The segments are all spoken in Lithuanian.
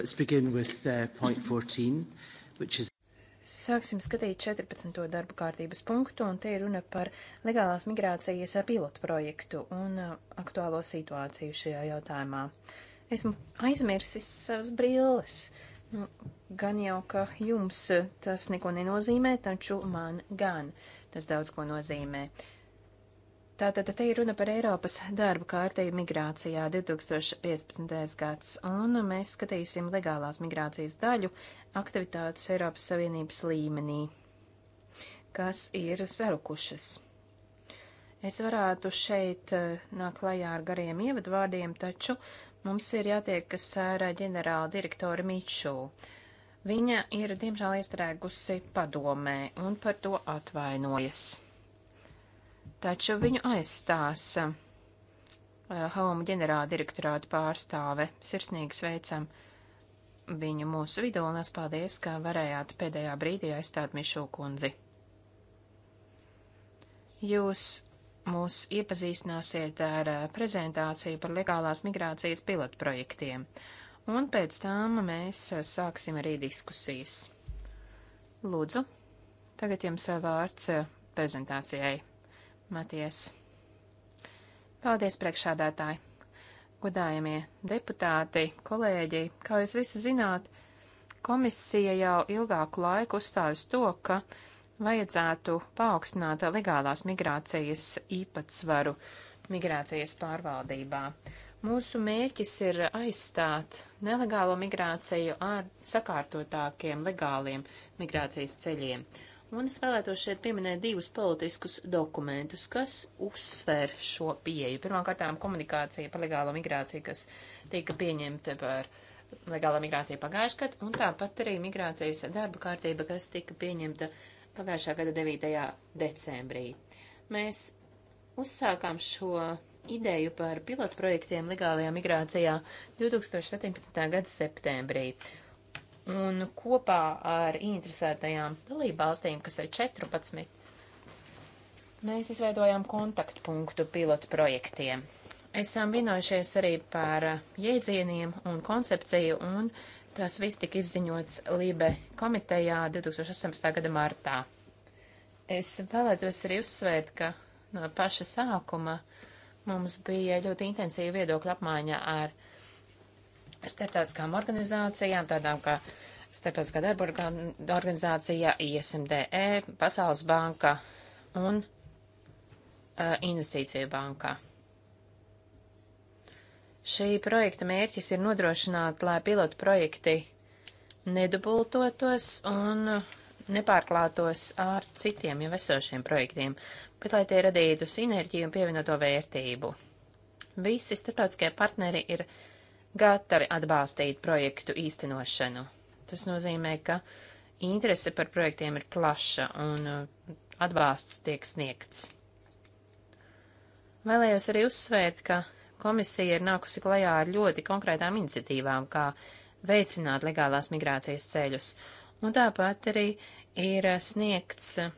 Let's begin with uh, point 14, which is. Sāksim skatīt 14. darba kārtības punktu, un te ir runa par legālās migrācijas pilotu projektu un uh, aktuālo situāciju šajā jautājumā. Esmu aizmirsis savas brilles. Nu, gan jau, ka jums tas neko nenozīmē, taču man gan tas daudz ko nozīmē. Uh, Tātad te ir runa par Eiropas darba kārtēju migrācijā 2015. gads, un mēs skatīsim legālās migrācijas daļu aktivitātes Eiropas Savienības līmenī, kas ir sarukušas. Es varētu šeit eh, nākt klajā ar gariem ievadvārdiem, taču mums ir jātiekas ar ģenerāla direktora Miču. Viņa ir, diemžēl, iestrēgusi padomē un par to atvainojas taču viņu aizstās uh, eh, Home ģenerāla direktorāta pārstāve. Sirsnīgi sveicam viņu mūsu vidū un es paldies, ka varējāt pēdējā brīdī aizstāt Mišu kundzi. Jūs mūs iepazīstināsiet ar eh, prezentāciju par legālās migrācijas pilotprojektiem, un pēc tam mēs eh, sāksim arī diskusijas. Lūdzu, tagad jums vārds prezentācijai. Maties. Paldies, priekšādātāji! Godājamie deputāti, kolēģi, kā jūs visi zināt, komisija jau ilgāku laiku uzstājas to, ka vajadzētu paaugstināt legālās migrācijas īpatsvaru migrācijas pārvaldībā. Mūsu mērķis ir aizstāt nelegālo migrāciju ar sakārtotākiem legāliem migrācijas ceļiem. Un es vēlētos šeit pieminēt divus politiskus dokumentus, kas uzsver šo pieeju. Pirmkārtām komunikācija par legālo migrāciju, kas tika pieņemta par legālā migrācija pagājušajā gadā, un tāpat arī migrācijas darba kārtība, kas tika pieņemta pagājušā gada 9. decembrī. Mēs uzsākām šo ideju par pilotu projektiem legālajā migrācijā 2017. gada septembrī un kopā ar interesētajām dalībvalstīm, kas ir 14, mēs izveidojām kontaktpunktu pilotu projektiem. Esam vienojušies arī par jēdzieniem un koncepciju, un tas viss tika izziņots Lībe komitejā 2018. gada martā. Es vēlētos arī uzsvērt, ka no paša sākuma mums bija ļoti intensīva viedokļa apmaiņa ar uh, starptautiskām organizācijām, tādām kā Starptautiskā darba organizācija, ISMDE, Pasaules banka un uh, Investīciju bankā. Šī projekta mērķis ir nodrošināt, lai pilotu projekti nedubultotos un nepārklātos ar citiem jau esošiem projektiem, bet lai tie radītu sinerģiju un pievienoto vērtību. Visi starptautiskie partneri ir uh, gatavi atbalstīt projektu īstenošanu. Tas nozīmē, ka interese par projektiem ir plaša un uh, atbalsts tiek sniegts. Vēlējos arī uzsvērt, ka komisija ir nākusi klajā ar ļoti konkrētām iniciatīvām, kā veicināt legālās migrācijas ceļus, un tāpat arī ir uh, sniegts uh,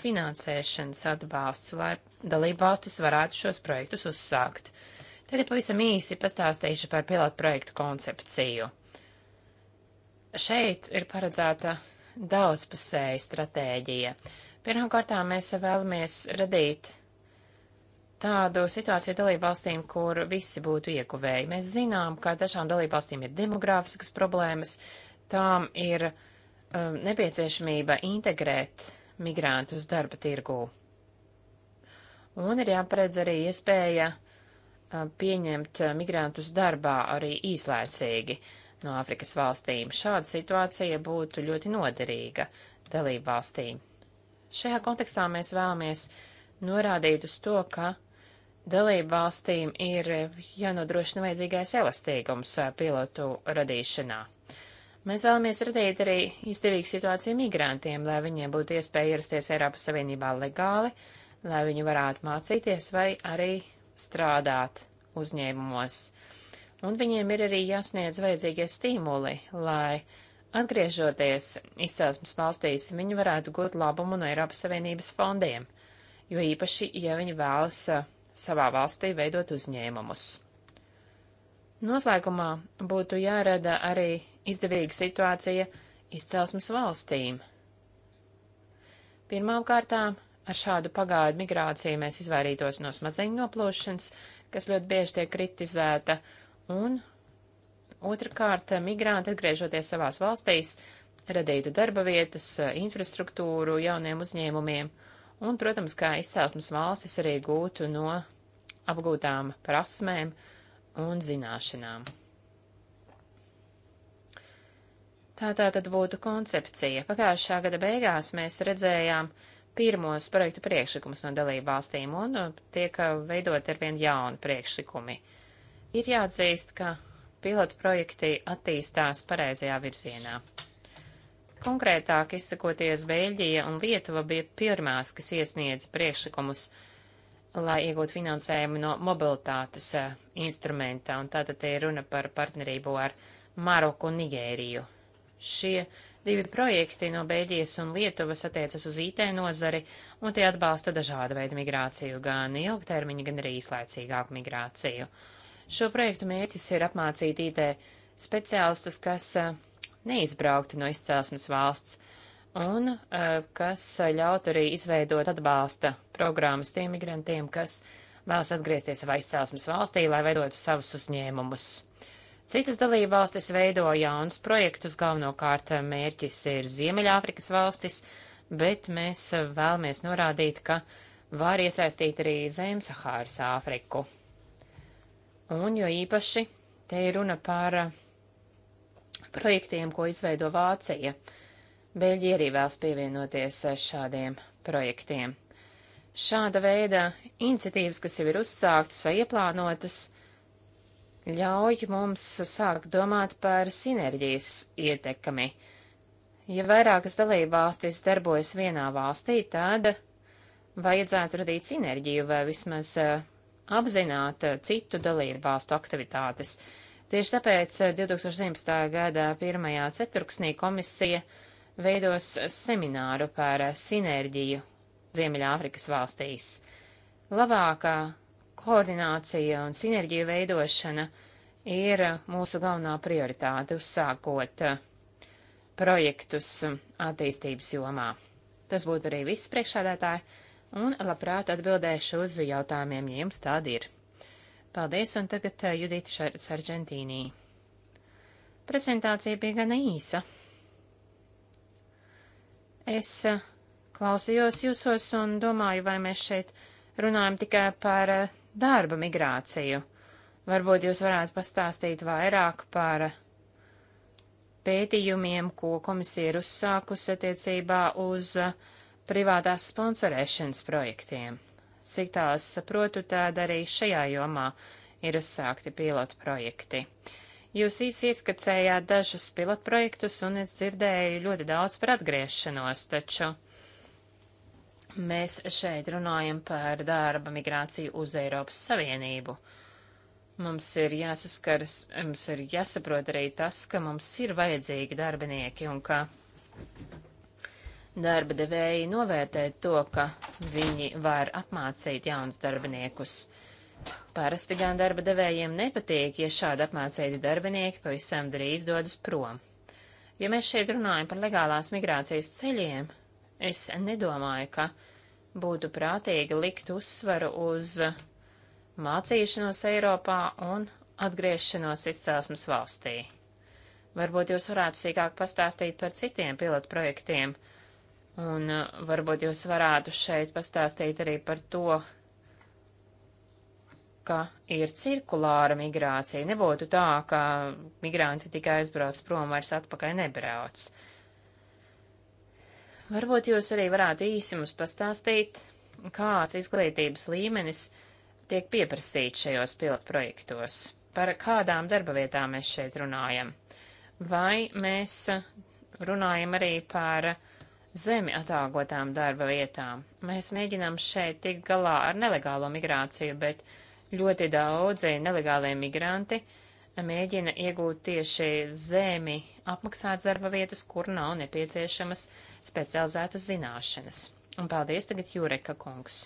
finansēšanas atbalsts, lai dalību valstis varētu šos projektus uzsākt. Uh, Tagad pavisam īsi pastāstīšu par pilotprojektu koncepciju. Šeit ir paredzēta daudzpusēja stratēģija. Pirmkārt, mēs vēlamies radīt tādu situāciju dalībvalstīm, kur visi būtu iekuvēji. Mēs zinām, ka dažām dalībvalstīm ir demogrāfiskas problēmas, tām ir um, nepieciešamība integrēt migrantus darba tirgū. Un ir jāparedz arī iespēja pieņemt eh, migrantus darbā arī īslaicīgi no Āfrikas valstīm. Šāda situācija būtu ļoti noderīga dalību valstīm. Šajā kontekstā mēs vēlamies norādīt uz to, ka dalību valstīm ir jānodrošina vajadzīgais elastīgums eh, pilotu radīšanā. Mēs vēlamies radīt arī izdevīgu situāciju migrantiem, lai viņiem būtu iespēja ierasties Eiropas Savienībā legāli, lai viņi varētu mācīties vai arī strādāt uzņēmumos. Un viņiem ir arī jāsniedz vajadzīgie stimuli, lai atgriežoties izcelsmes valstīs, viņi varētu gūt labumu no Eiropas Savienības fondiem, jo īpaši, ja viņi vēlas uh, savā valstī veidot uzņēmumus. Noslēgumā būtu jārada arī izdevīga situācija izcelsmes valstīm. Pirmkārt, ar šādu pagaidu migrāciju mēs izvairītos no smadzeņu noplūšanas, kas ļoti bieži tiek kritizēta. Un otrkārt, migranti atgriežoties savās valstīs, radītu darba vietas, infrastruktūru jauniem uzņēmumiem. Un, protams, kā izcelsmes valstis arī gūtu no apgūtām prasmēm un zināšanām. Tā tā tad būtu koncepcija. Pagājušā gada beigās mēs redzējām, uh, pirmos projektu priekšlikumus no dalību valstīm un uh, tiek uh, veidot arvien jauni priekšlikumi. Ir jāatzīst, ka pilotu projekti attīstās pareizajā virzienā. Konkrētāk izsakoties, Beļģija un Lietuva bija pirmās, kas iesniedza priekšlikumus, lai iegūtu finansējumu no mobilitātes uh, instrumenta, un tātad te ir runa par partnerību ar Maroku un Nigēriju. Šie Divi projekti no Beļģijas un Lietuvas attiecas uz IT nozari, un tie atbalsta dažādu veidu migrāciju, gan ilgtermiņa, gan arī īslaicīgāku migrāciju. Šo projektu mērķis ir apmācīt IT speciālistus, kas eh, neizbraukti no izcelsmes valsts, un eh, kas ļaut arī izveidot atbalsta programmas tiem migrantiem, kas vēlas atgriezties savā izcelsmes valstī, lai veidotu savus uzņēmumus. Citas dalībvalstis veido jaunus projektus, galvenokārt eh, mērķis ir Ziemeļāfrikas valstis, bet mēs eh, vēlamies norādīt, ka var iesaistīt arī Zemsahāras Āfriku. Un jo īpaši te ir runa par eh, projektiem, ko izveido Vācija. Beļģija arī vēlas pievienoties šādiem projektiem. Šāda veida iniciatīvas, kas jau ir uzsāktas vai ieplānotas, uh, ļauj mums sākt domāt par sinerģijas ietekmi. Ja vairākas dalībvalstis darbojas vienā valstī, tad vajadzētu radīt sinerģiju vai vismaz eh, apzināt eh, citu dalībvalstu aktivitātes. Tieši tāpēc 2017. Eh, gada 1. ceturksnī komisija veidos semināru par sinerģiju Ziemeļāfrikas valstīs. Labākā Koordinācija un sinerģija veidošana ir mūsu galvenā prioritāte uzsākot eh, projektus eh, attīstības jomā. Tas būtu arī viss priekšādētāji, un labprāt atbildēšu uz jautājumiem, ja jums tādi ir. Paldies, un tagad eh, Judita Sargentīnī. Prezentācija bija gana īsa. Es klausījos jūsos un domāju, vai mēs šeit runājam tikai par darba migrāciju. Varbūt jūs varētu pastāstīt vairāk par pētījumiem, ko komisija ir uzsākusi attiecībā uz privātās sponsorēšanas projektiem. Cik tālu es saprotu, tad arī šajā jomā ir uzsākti pilotu projekti. Jūs īsi ieskacējāt dažus pilotu projektus un es dzirdēju ļoti daudz par atgriešanos, taču Mēs šeit runājam par darba migrāciju uz Eiropas Savienību. Mums ir jāsaskaras, mums ir jāsaprot arī tas, ka mums ir vajadzīgi darbinieki un ka darba devēji novērtē to, ka viņi var apmācīt jaunus darbiniekus. Parasti gan darba devējiem nepatīk, ja šādi apmācīti darbinieki pavisam drīz dodas prom. Ja mēs šeit runājam par legālās migrācijas ceļiem, Es nedomāju, ka būtu prātīgi likt uzsvaru uz mācīšanos Eiropā un atgriešanos izcelsmes valstī. Varbūt jūs varētu sīkāk pastāstīt par citiem pilotprojektiem, un uh, varbūt jūs varētu šeit pastāstīt arī par to, ka ir cirkulāra migrācija. Nebūtu tā, ka migranti tikai aizbrauc prom, vairs atpakaļ nebrauc. Uh, Varbūt jūs arī varētu īsi mums pastāstīt, kāds izglītības līmenis tiek pieprasīts šajos pilotprojektos, par kādām darba vietām mēs šeit runājam. Vai mēs runājam arī par zemi atāgotām darba vietām. Mēs mēģinām šeit tikt galā ar nelegālo migrāciju, bet ļoti daudzi nelegālie migranti uh, mēģina iegūt tieši zemi apmaksātas darba vietas, kur nav nepieciešamas specializētas zināšanas. Un paldies tagad Jureka kungs.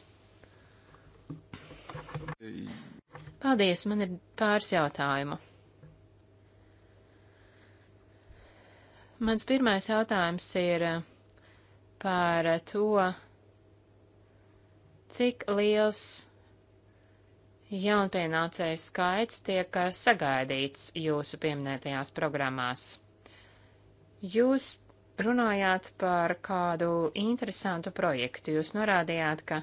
Paldies, man ir pāris jautājumu. Mans pirmais jautājums ir eh, par to, cik liels jaunpienācēju skaits tiek eh, sagaidīts jūsu pieminētajās programmās. Jūs runājāt par kādu interesantu projektu. Jūs norādījāt, ka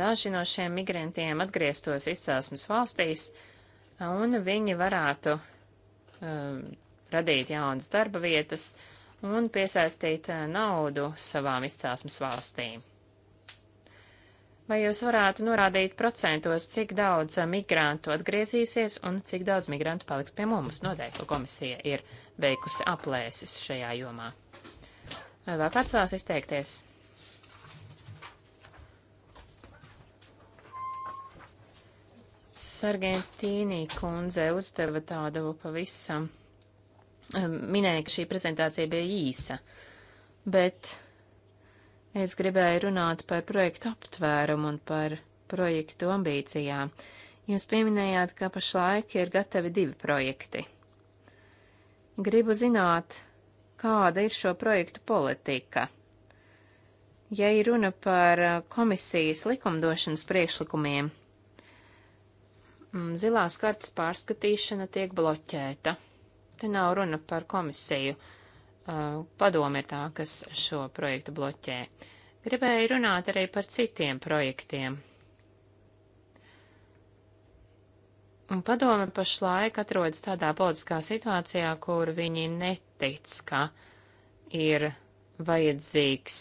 daži no šiem migrantiem atgrieztos izcelsmes valstīs, un viņi varētu um, radīt jaunas darba vietas un piesaistīt eh, naudu savām izcelsmes valstīm. Vai jūs varētu norādīt procentos, cik daudz migrantu atgriezīsies un cik daudz migrantu paliks pie mums? Noteikti komisija ir veikusi aplēses šajā jomā. Vai vēl kāds vēlas izteikties? Sargentīnī kundze uzdeva tādu pavisam. Eh, minēja, ka šī prezentācija bija īsa, bet Es gribēju runāt par projektu aptvērumu un par projektu ambīcijām. Jūs pieminējāt, ka pašlaik ir gatavi divi projekti. Gribu zināt, kāda ir šo projektu politika. Ja ir runa par uh, komisijas likumdošanas priekšlikumiem, mm, zilās kartas pārskatīšana tiek bloķēta. Te nav runa par komisiju padome ir tā, kas šo projektu bloķē. Gribēju runāt arī par citiem projektiem. Un padome pašlaik atrodas tādā politiskā situācijā, kur viņi netic, ka ir vajadzīgs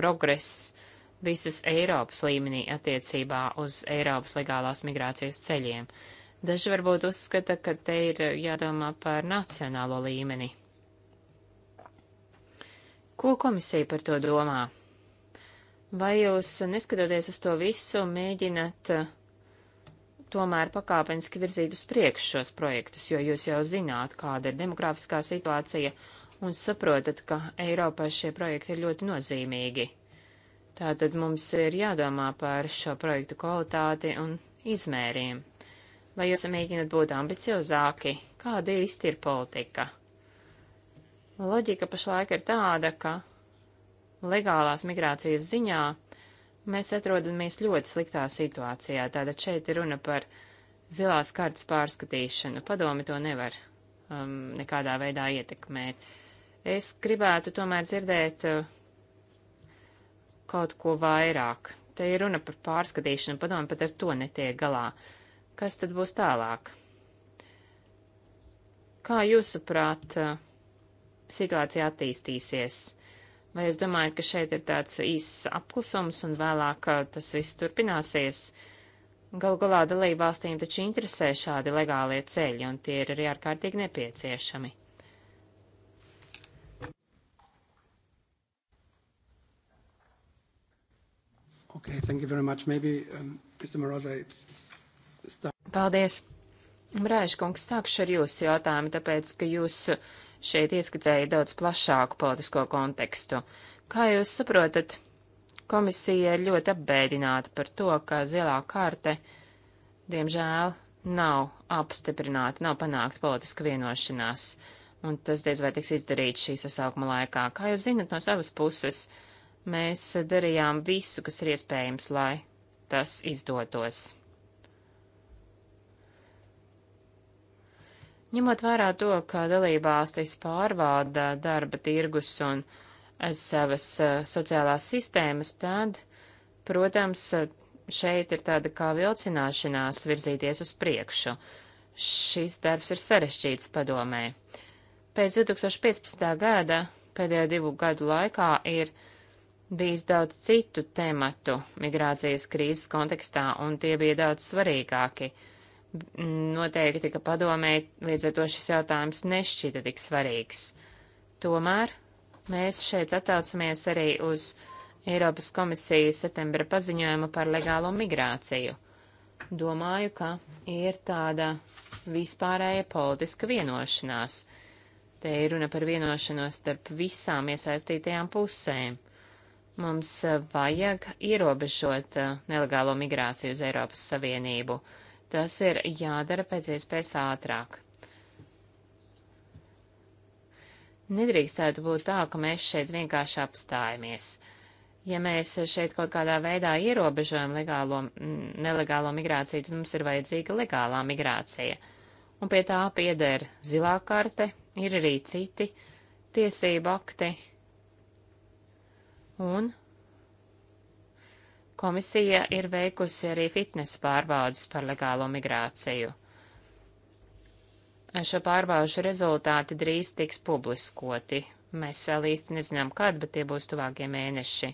progress visas Eiropas līmenī attiecībā uz Eiropas legālās migrācijas ceļiem. Daži varbūt uzskata, ka te ir jādomā par nacionālo līmeni. Ko komisija par to domā? Vai jūs, neskatoties uz to visu, mēģinat eh, tomēr pakāpeniski virzīt uz priekšu šos projektus, jo jūs jau zināt, kāda ir demografiskā situācija un saprotat, ka Eiropā šie projekti ir ļoti nozīmīgi. Tātad mums ir jādomā par šo projektu kvalitāti un izmēriem. Vai jūs mēģinat būt ambiciozāki? Kāda īsti ir politika? Loģika pašlaik ir tāda, ka legālās migrācijas ziņā mēs atrodamies ļoti sliktā situācijā. Tātad šeit ir runa par zilās kartas pārskatīšanu. Padomi to nevar um, nekādā veidā ietekmēt. Es gribētu tomēr dzirdēt uh, kaut ko vairāk. Te ir runa par pārskatīšanu, padomi pat ar to netiek galā. Kas tad būs tālāk? Kā jūsuprāt, uh, situācija attīstīsies. Vai jūs domājat, ka šeit ir tāds īss apklusums un vēlāk tas viss turpināsies? Galu galā dalību valstīm taču interesē šādi legālie ceļi, un tie ir arī ārkārtīgi nepieciešami. Okay, thank you very much. Maybe, um, Mr. Morozai, start. Paldies. Brāļškungs, sākšu ar jūsu jautājumu, tāpēc, ka jūs šeit ieskicēja daudz plašāku politisko kontekstu. Kā jūs saprotat, komisija ir ļoti apbēdināta par to, ka zilā karte, diemžēl, nav apstiprināta, nav panākta politiska vienošanās, un tas diez vai tiks izdarīts šī sasaukuma laikā. Kā jūs zinat no savas puses, mēs darījām visu, kas ir iespējams, lai tas izdotos. Ņemot vērā to, ka dalībvalstis pārvalda darba tirgus un savas eh, sociālās sistēmas, tad, protams, šeit ir tāda kā vilcināšanās virzīties uz priekšu. Šis darbs ir sarežģīts padomē. Pēc 2015. gada pēdējo divu gadu laikā ir bijis daudz citu tematu migrācijas krīzes kontekstā, un tie bija daudz svarīgāki noteikti, ka padomē līdz ar to šis jautājums nešķita tik svarīgs. Tomēr mēs šeit atcaucamies arī uz Eiropas komisijas septembra paziņojumu par legālo migrāciju. Domāju, ka ir tāda vispārēja politiska vienošanās. Te ir runa par vienošanos starp visām iesaistītajām pusēm. Mums vajag ierobežot uh, nelegālo migrāciju uz Eiropas Savienību. Uh, Tas ir jādara pēc iespējas ātrāk. Nedrīkstētu būt tā, ka mēs šeit vienkārši apstājamies. Ja mēs šeit kaut kādā veidā ierobežojam legālo, nelegālo migrāciju, tad mums ir vajadzīga legālā migrācija. Un pie tā pieder zilā karte, ir arī citi tiesību akti. Un Komisija ir veikusi arī fitnes pārbaudas par legālo migrāciju. Šo pārbaužu rezultāti drīz tiks publiskoti. Mēs vēl īsti nezinām, kad, bet tie būs tuvākie mēneši.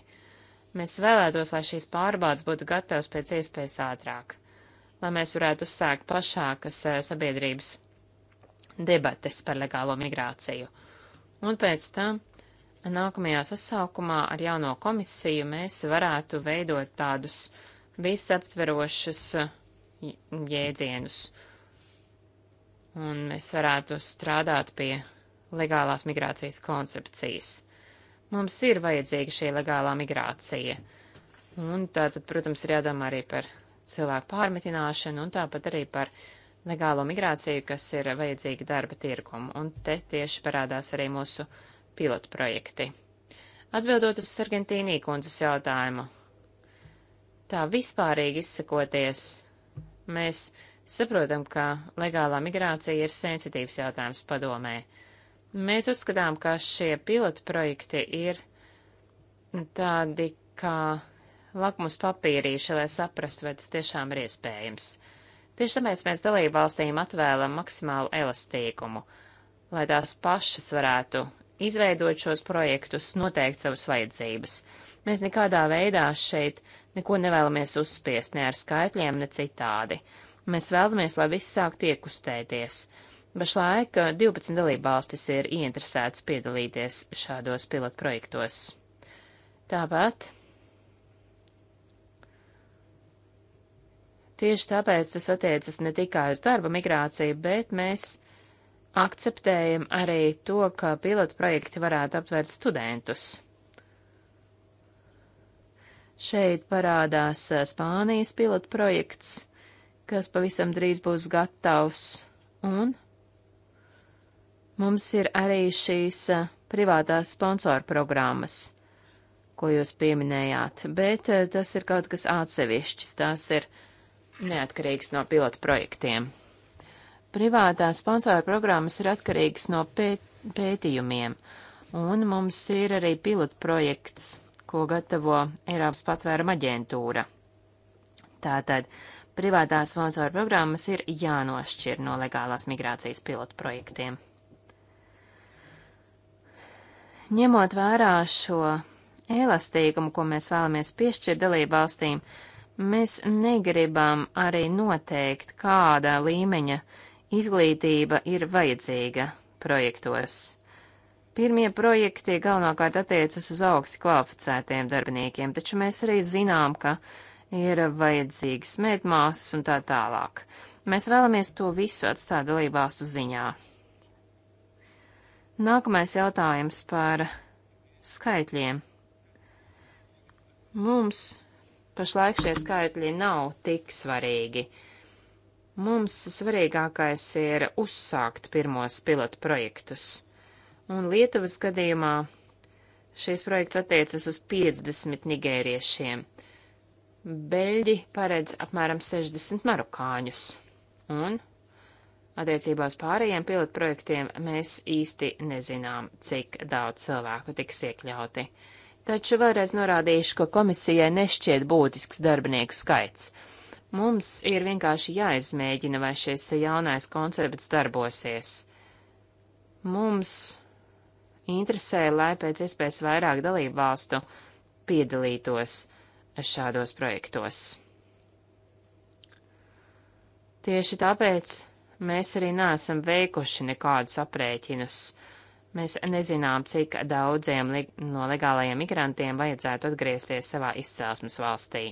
Mēs vēlētos, lai šīs pārbaudas būtu gatavas pēc iespējas ātrāk, lai mēs varētu uzsākt plašākas eh, sabiedrības debates par legālo migrāciju. Un pēc tam nākamajā sasaukumā ar jauno komisiju mēs varētu veidot tādus visaptverošus uh, jēdzienus. Un mēs varētu strādāt pie legālās migrācijas koncepcijas. Mums ir vajadzīga šī legālā migrācija. Un tātad, protams, ir jādomā arī par cilvēku pārmetināšanu un tāpat arī par legālo migrāciju, kas ir vajadzīga darba tirkumu. Un te tieši parādās arī mūsu uh, pilotprojekti. Atbildot uz Sargentīnī kundzes jautājumu. Tā vispārīgi izsakoties, mēs saprotam, ka legālā migrācija ir sensitīvs jautājums padomē. Mēs uzskatām, ka šie pilotprojekti ir tādi kā lakmus papīrīši, lai saprastu, vai tas tiešām ir iespējams. Tieši tāpēc mēs dalību valstīm atvēlam maksimālu elastīgumu, lai tās pašas varētu izveidot šos projektus, noteikt savas vajadzības. Mēs nekādā veidā šeit neko nevēlamies uzspiest, ne ar skaitļiem, ne citādi. Mēs vēlamies, lai viss sāktu iekustēties. Pašlaik 12 eh, dalībvalstis ir ieinteresētas piedalīties šādos pilotprojektos. Tāpat tieši tāpēc tas attiecas ne tikai uz darba migrāciju, bet mēs akceptējam arī to, ka pilotu projekti varētu aptvērt studentus. Šeit parādās eh, Spānijas pilotu projekts, kas pavisam drīz būs gatavs, un mums ir arī šīs eh, privātās sponsoru programmas, ko jūs pieminējāt, bet eh, tas ir kaut kas atsevišķs, tās ir neatkarīgs no pilotu projektiem. Privātā sponsora programmas ir atkarīgas no pēt, pētījumiem, un mums ir arī pilotprojekts, ko gatavo Eiropas patvēruma aģentūra. Tātad privātās sponsora programmas ir jānošķir no legālās migrācijas pilotu projektiem. Ņemot vērā šo elastīgumu, ko mēs vēlamies piešķirt dalību valstīm, mēs negribam arī noteikt, kāda līmeņa Izglītība ir vajadzīga projektos. Pirmie projekti galvenokārt attiecas uz augsti kvalificētiem darbiniekiem, taču mēs arī zinām, ka ir vajadzīgas medmāsas un tā tālāk. Mēs vēlamies to visu atstāt dalībvalstu ziņā. Nākamais jautājums par skaitļiem. Mums pašlaik šie skaitļi nav tik svarīgi. Uh, Mums svarīgākais ir uzsākt pirmos pilotu projektus. Un Lietuvas gadījumā šis projekts attiecas uz 50 nigēriešiem. Beļģi paredz apmēram 60 marokāņus. Un attiecībā uz pārējiem pilotu projektiem mēs īsti nezinām, cik daudz cilvēku tiks iekļauti. Taču vēlreiz norādīšu, ka komisijai nešķiet būtisks darbinieku skaits. Mums ir vienkārši jāizmēģina, vai šis jaunais koncepts darbosies. Mums interesē, lai pēc iespējas vairāk dalību valstu piedalītos šādos projektos. Tieši tāpēc mēs arī neesam veikuši nekādus aprēķinus. Mēs nezinām, cik daudziem no legālajiem migrantiem vajadzētu atgriezties savā izcelsmes valstī.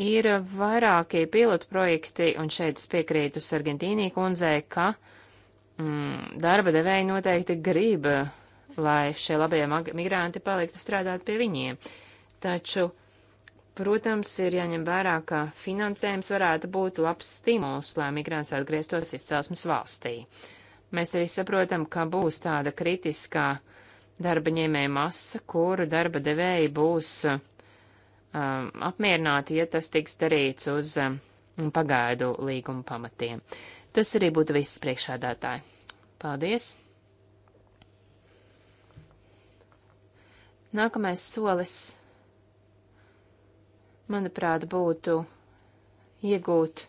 Ir vairākie pilotu projekti, un šeit es piekrītu Sargentīnī kundzei, ka mm, darba devēji noteikti grib, lai šie labie migranti paliktu strādāt pie viņiem. Taču, protams, ir jāņem vērā, ka finansējums varētu būt labs stimuls, lai migrants atgrieztos izcelsmes valstī. Mēs arī saprotam, ka būs tāda kritiskā darba ņēmēja masa, kuru darba devēji būs uh, Um, apmierināti, ja tas tiks darīts uz um, pagaidu līguma pamatiem. Tas arī būtu viss priekšādātāji. Paldies! Nākamais solis, manuprāt, būtu iegūt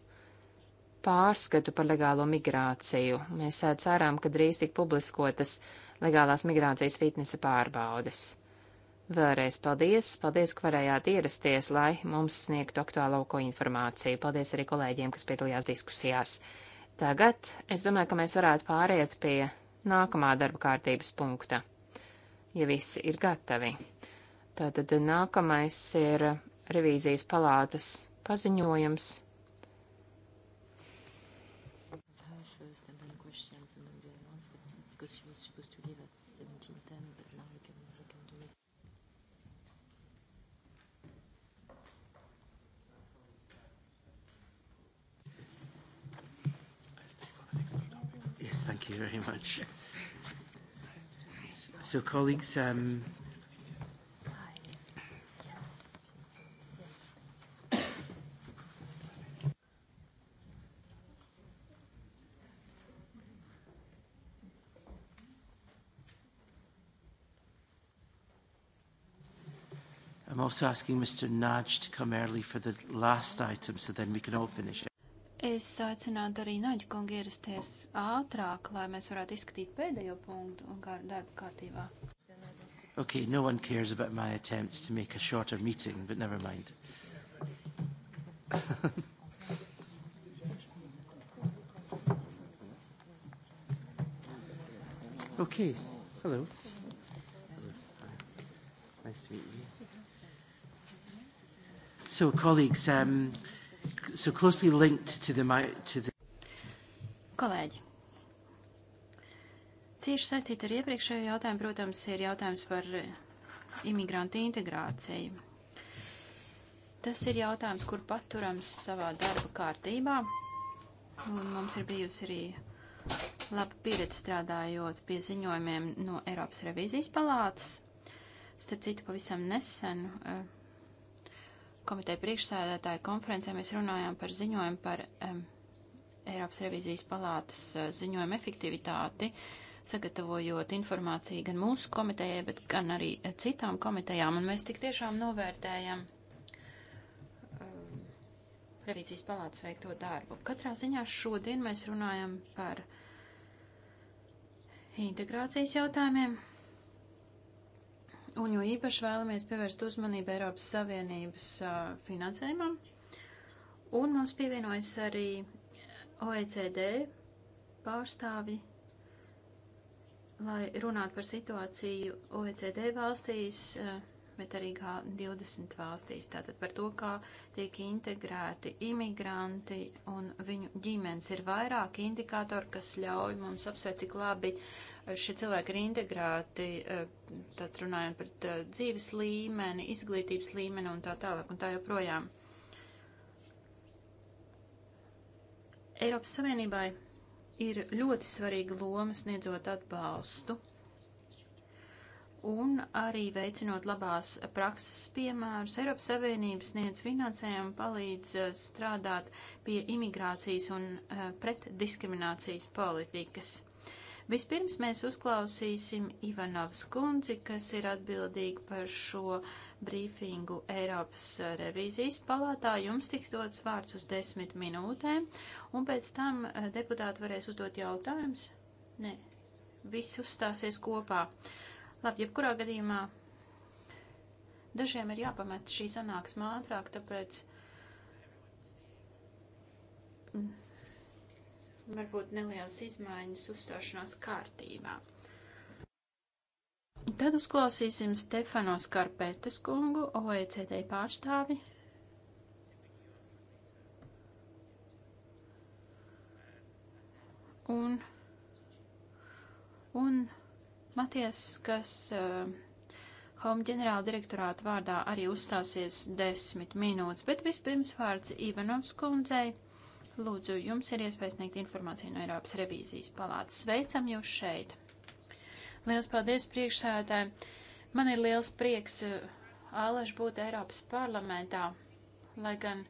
pārskatu par legālo migrāciju. Mēs uh, cerām, ka drīz tik publiskotas legālās migrācijas fitnesa pārbaudes. Vēlreiz paldies, paldies, ka varējāt ierasties, lai mums sniegtu aktuālāko informāciju. Paldies arī kolēģiem, kas piedalījās diskusijās. Tagad es domāju, ka mēs varētu pāriet pie nākamā darba kārtības punkta, ja visi ir gatavi. Tātad nākamais ir revīzijas palātas paziņojums. you very much. So, colleagues, um, I'm also asking Mr. Naj to come early for the last item so then we can all finish. Es aicinātu arī Naģikungu ierasties ātrāk, lai mēs varētu izskatīt pēdējo punktu un kā darba kārtībā. Okay, no one cares about my attempts to make a shorter meeting, but never mind. okay, hello. Nice to meet you. So, colleagues, um, so closely linked to the, to the... Kolēģi, cieši saistīta ar iepriekšējo jautājumu, protams, ir jautājums par eh, imigrantu integrāciju. Tas ir jautājums, kur paturams savā darba kārtībā, un mums ir bijusi arī laba pieredze strādājot pie ziņojumiem no Eiropas revīzijas palātas. Starp citu, pavisam nesen. Uh, komiteja priekšsēdētāja konferencē mēs runājām par ziņojumu par um, Eiropas revizijas palātas uh, ziņojumu efektivitāti, sagatavojot informāciju gan mūsu komitejai, bet gan arī eh, citām komitejām, un mēs tik tiešām novērtējam um, revizijas palātas veikto darbu. Katrā ziņā šodien mēs runājam par integrācijas jautājumiem, un jo īpaši vēlamies pievērst uzmanību Eiropas Savienības uh, finansējumam. Un mums pievienojas arī OECD pārstāvji, lai runātu par situāciju OECD valstīs, uh, bet arī G20 valstīs. Tātad par to, kā tiek integrēti imigranti un viņu ģimenes. Ir vairāki indikātori, kas ļauj mums apsvērt, cik labi uh, šie cilvēki ir integrēti, e, tad runājot par e, dzīves līmeni, izglītības līmeni un tā tālāk un tā joprojām. Eiropas Savienībai ir ļoti svarīga loma sniedzot atbalstu un arī veicinot labās prakses piemērus. Eiropas Savienība sniedz finansējumu, palīdz e, strādāt pie imigrācijas un pret diskriminācijas politikas. Vispirms mēs uzklausīsim Ivanovs kundzi, kas ir atbildīga par šo brīfingu Eiropas revīzijas palātā. Jums tiks dots vārds uz desmit minūtēm, un pēc tam eh, deputāti varēs uzdot jautājumus. Nē, viss uzstāsies kopā. Labi, jebkurā gadījumā dažiem ir jāpamet šī sanāksme ātrāk, tāpēc mm, varbūt nelielas izmaiņas uzstāšanās kārtībā. Tad uzklausīsim Stefano Skarpetes kungu, OECD pārstāvi. Un, un Maties, kas uh, Home ģenerāla direktorāta vārdā arī uzstāsies desmit minūtes, bet vispirms vārds Ivanovs kundzei Lūdzu, jums ir iespēja sniegt informāciju no Eiropas revīzijas palātas. Sveicam jūs šeit! Liels paldies priekšsēdētājiem! Man ir liels prieks Ālaši eh, būt Eiropas parlamentā, lai gan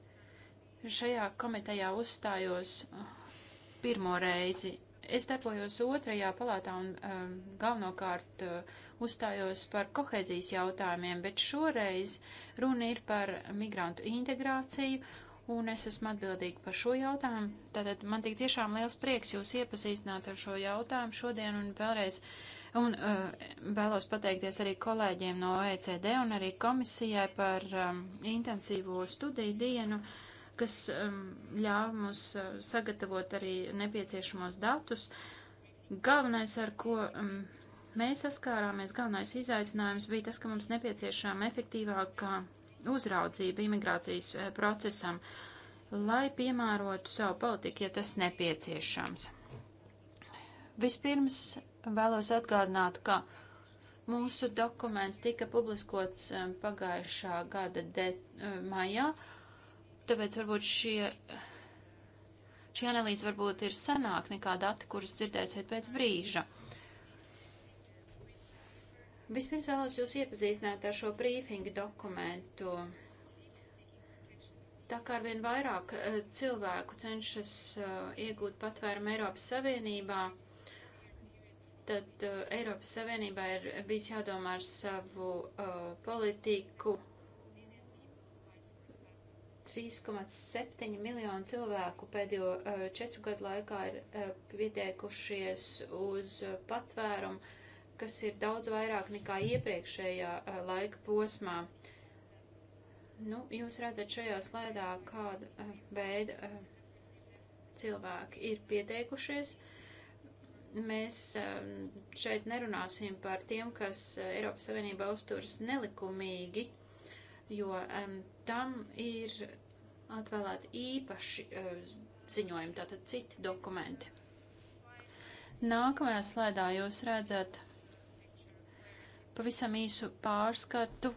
šajā komitejā uzstājos eh, pirmo reizi. Es darbojos otrajā palātā un um, galvenokārt uh, uzstājos par kohēzijas jautājumiem, bet šoreiz runa ir par migrantu integrāciju un es esmu atbildīga par šo jautājumu. Tātad man tik tiešām liels prieks jūs iepazīstināt ar šo jautājumu šodien un vēlreiz. Un uh, vēlos pateikties arī kolēģiem no OECD un arī komisijai par um, intensīvo studiju dienu, kas um, ļāva mums uh, sagatavot arī nepieciešamos datus. Galvenais, ar ko um, mēs saskārāmies, galvenais izaicinājums bija tas, ka mums nepieciešām efektīvākā uzraudzību imigrācijas eh, procesam, lai piemērotu savu politiku, ja tas nepieciešams. Vispirms vēlos atgādināt, ka mūsu dokuments tika publiskots eh, pagājušā gada de, eh, maijā, tāpēc varbūt šie, šī analīze varbūt ir senāk nekā dati, kurus dzirdēsiet pēc brīža. Uh, Vispirms vēlos jūs iepazīstināt ar šo brīfingu dokumentu. Tā kā arvien vairāk eh, cilvēku cenšas eh, iegūt patvērumu Eiropas Savienībā, tad eh, Eiropas Savienībā ir bijis jādomā ar savu uh, politiku. 3,7 miljonu cilvēku pēdējo uh, četru gadu laikā ir uh, pieteikušies uz patvērumu kas ir daudz vairāk nekā iepriekšējā eh, laika posmā. Nu, jūs redzat šajā slaidā, kāda eh, veida eh, cilvēki ir pieteikušies. Mēs šeit nerunāsim par tiem, kas Eiropas Savienībā uzturas nelikumīgi, jo tam ir atvēlēti īpaši ziņojumi, tātad citi dokumenti. Nākamajā slaidā jūs redzat pavisam īsu pārskatu.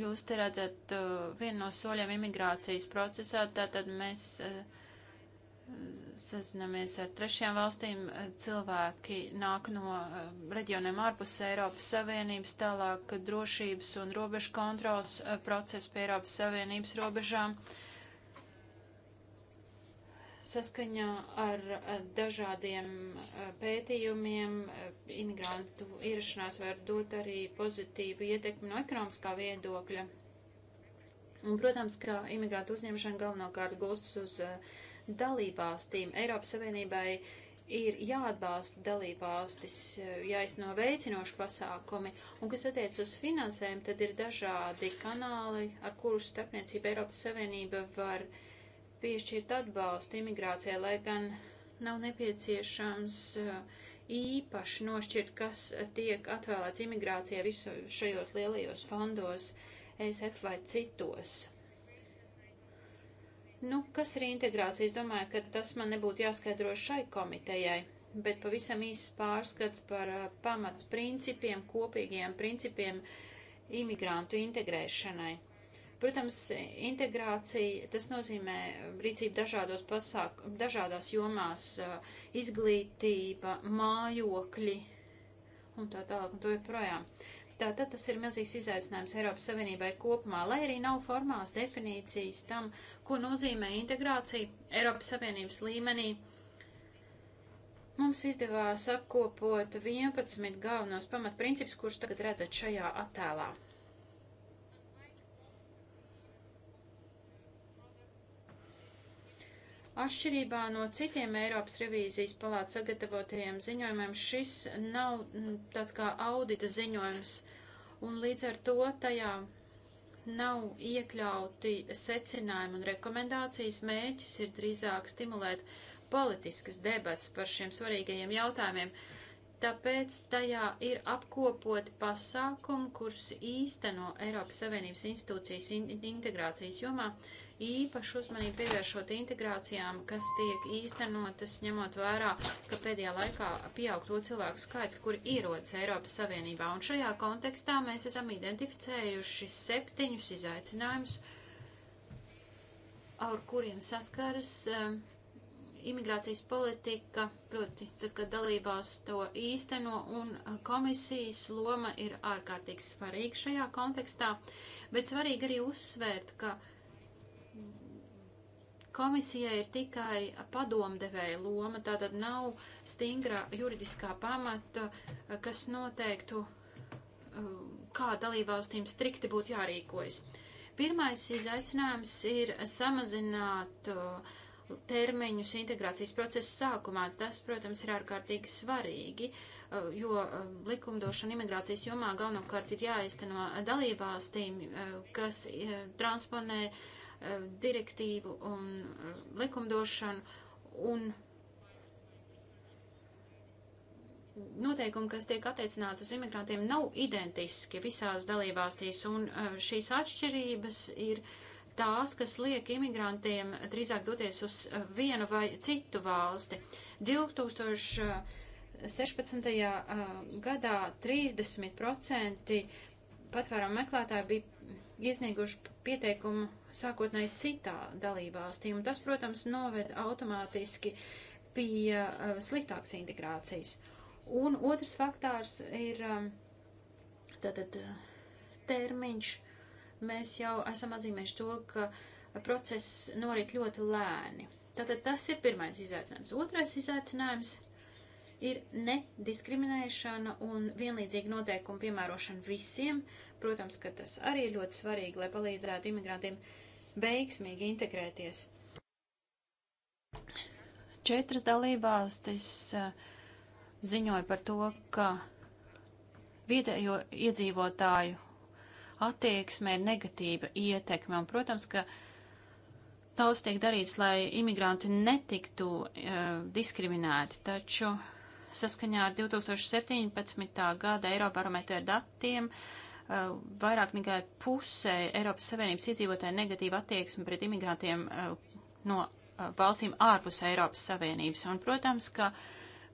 Jūs te redzat uh, vienu no soļiem imigrācijas procesā, tātad mēs uh, sazinamies ar trešajām valstīm, uh, cilvēki nāk no uh, reģioniem ārpus Eiropas Savienības, tālāk drošības un robežu kontrols uh, process pie Eiropas Savienības robežām. Uh, Saskaņā ar dažādiem pētījumiem imigrantu ierašanās var dot arī pozitīvu ietekmi no ekonomiskā viedokļa. Un, protams, ka imigrantu uzņemšana galvenokārt gulstas uz dalībvalstīm. Eiropas Savienībai ir jāatbalsta dalībvalstis, jāizno veicinoši pasākumi, un kas attiec uz finansēm, tad ir dažādi kanāli, ar kuru starpniecību Eiropas Savienība var uh, piešķirt atbalstu imigrācijai, lai gan nav nepieciešams eh, īpaši nošķirt, kas tiek atvēlēts imigrācijai visu šajos lielajos fondos, ESF vai citos. Nu, kas ir integrācija? Es domāju, ka tas man nebūtu jāskaidro šai komitejai, bet pavisam īsts pārskats par eh, pamatu principiem, kopīgiem principiem imigrantu integrēšanai. Protams, integrācija, tas nozīmē rīcību dažādos pasāk, dažādās jomās, izglītība, mājokļi un tā tālāk un to joprojām. Tātad tas ir milzīgs izaicinājums Eiropas Savienībai kopumā, lai arī nav formāls definīcijas tam, ko nozīmē integrācija Eiropas Savienības līmenī. Mums izdevās apkopot 11 galvenos pamatprincipus, kurus tagad redzat šajā attēlā. Atšķirībā no citiem Eiropas revīzijas palātas sagatavotajiem ziņojumiem, šis nav mm, tāds kā audita ziņojums, un līdz ar to tajā nav iekļauti secinājumi un rekomendācijas. Mēģis ir drīzāk stimulēt politiskas debats par šiem svarīgajiem jautājumiem. Uh, Tāpēc tajā ir apkopoti pasākumi, kurus īsteno Eiropas Savienības institūcijas in integrācijas jomā, īpašu uzmanību pievēršot integrācijām, kas tiek īstenotas, ņemot vērā, ka pēdējā laikā pieaug to cilvēku skaits, kuri ierodas Eiropas Savienībā. Un šajā kontekstā mēs esam identificējuši septiņus izaicinājumus, ar kuriem saskaras. Uh, imigrācijas politika, proti, tad, kad dalībās to īsteno, un komisijas loma ir ārkārtīgi svarīga šajā kontekstā, bet svarīgi arī uzsvērt, ka komisijai ir tikai padomdevēja loma, tātad nav stingra juridiskā pamata, kas noteiktu, um, kā dalībvalstīm strikti būtu jārīkojas. Pirmais izaicinājums ir samazināt uh, termiņus integrācijas procesa sākumā. Tas, protams, ir ārkārtīgi svarīgi, uh, jo uh, likumdošana imigrācijas jomā galvenokārt ir jāizteno dalībvalstīm, uh, kas transponē direktīvu un likumdošanu. Un noteikumi, kas tiek attiecināti uz imigrantiem, nav identiski visās dalībvalstīs, un šīs atšķirības ir uh, tās, kas liek imigrantiem drīzāk doties uz eh, vienu vai citu valsti. 2016. Eh, gadā 30% patvērumu meklētāji bija iesnieguši pieteikumu sākotnēji citā dalībvalstī, un tas, protams, noved automātiski pie uh, sliktākas integrācijas. Un otrs faktārs ir um, tātad termiņš, Mēs jau esam atzīmējuši to, ka process norit ļoti lēni. Tātad tas ir pirmais izaicinājums. Otrais izaicinājums ir nediskriminēšana un vienlīdzīga noteikuma piemērošana visiem. Protams, ka tas arī ir ļoti svarīgi, lai palīdzētu imigrantiem veiksmīgi integrēties. Četras dalībvalstis eh, ziņoja par to, ka vietējo iedzīvotāju attieksmē ir negatīva ietekme. Un, protams, ka daudz tiek darīts, lai imigranti netiktu uh, diskriminēti, taču saskaņā ar 2017. gada Eirobarometra datiem uh, vairāk nekā pusē Eiropas Savienības iedzīvotāji negatīva attieksme pret imigrantiem uh, no uh, valstīm ārpus Eiropas Savienības. Un, protams, ka uh,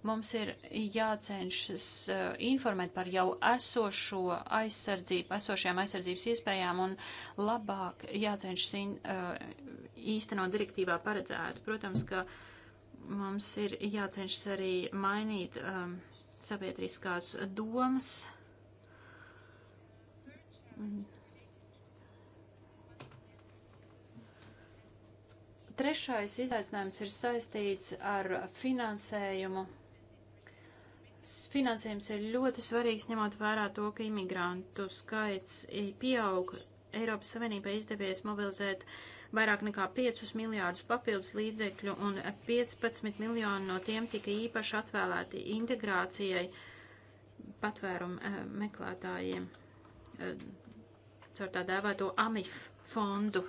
Mums ir jācenšas eh, informēt par jau esošo aizsardzību, esošajām aizsardzības iespējām un labāk jācenšas in, eh, īstenot direktīvā paredzētu. Protams, ka mums ir jācenšas arī mainīt um, sabiedriskās domas. Trešais izaicinājums ir saistīts ar finansējumu Finansējums ir ļoti svarīgs, ņemot vērā to, ka imigrantu skaits pieaug. Eiropas Savienībai izdevies mobilizēt vairāk nekā 5 miljārdus papildus līdzekļu, un 15 miljoni no tiem tika īpaši atvēlēti integrācijai patvērumu eh, meklētājiem eh, caur tā dēvēto AMIF fondu.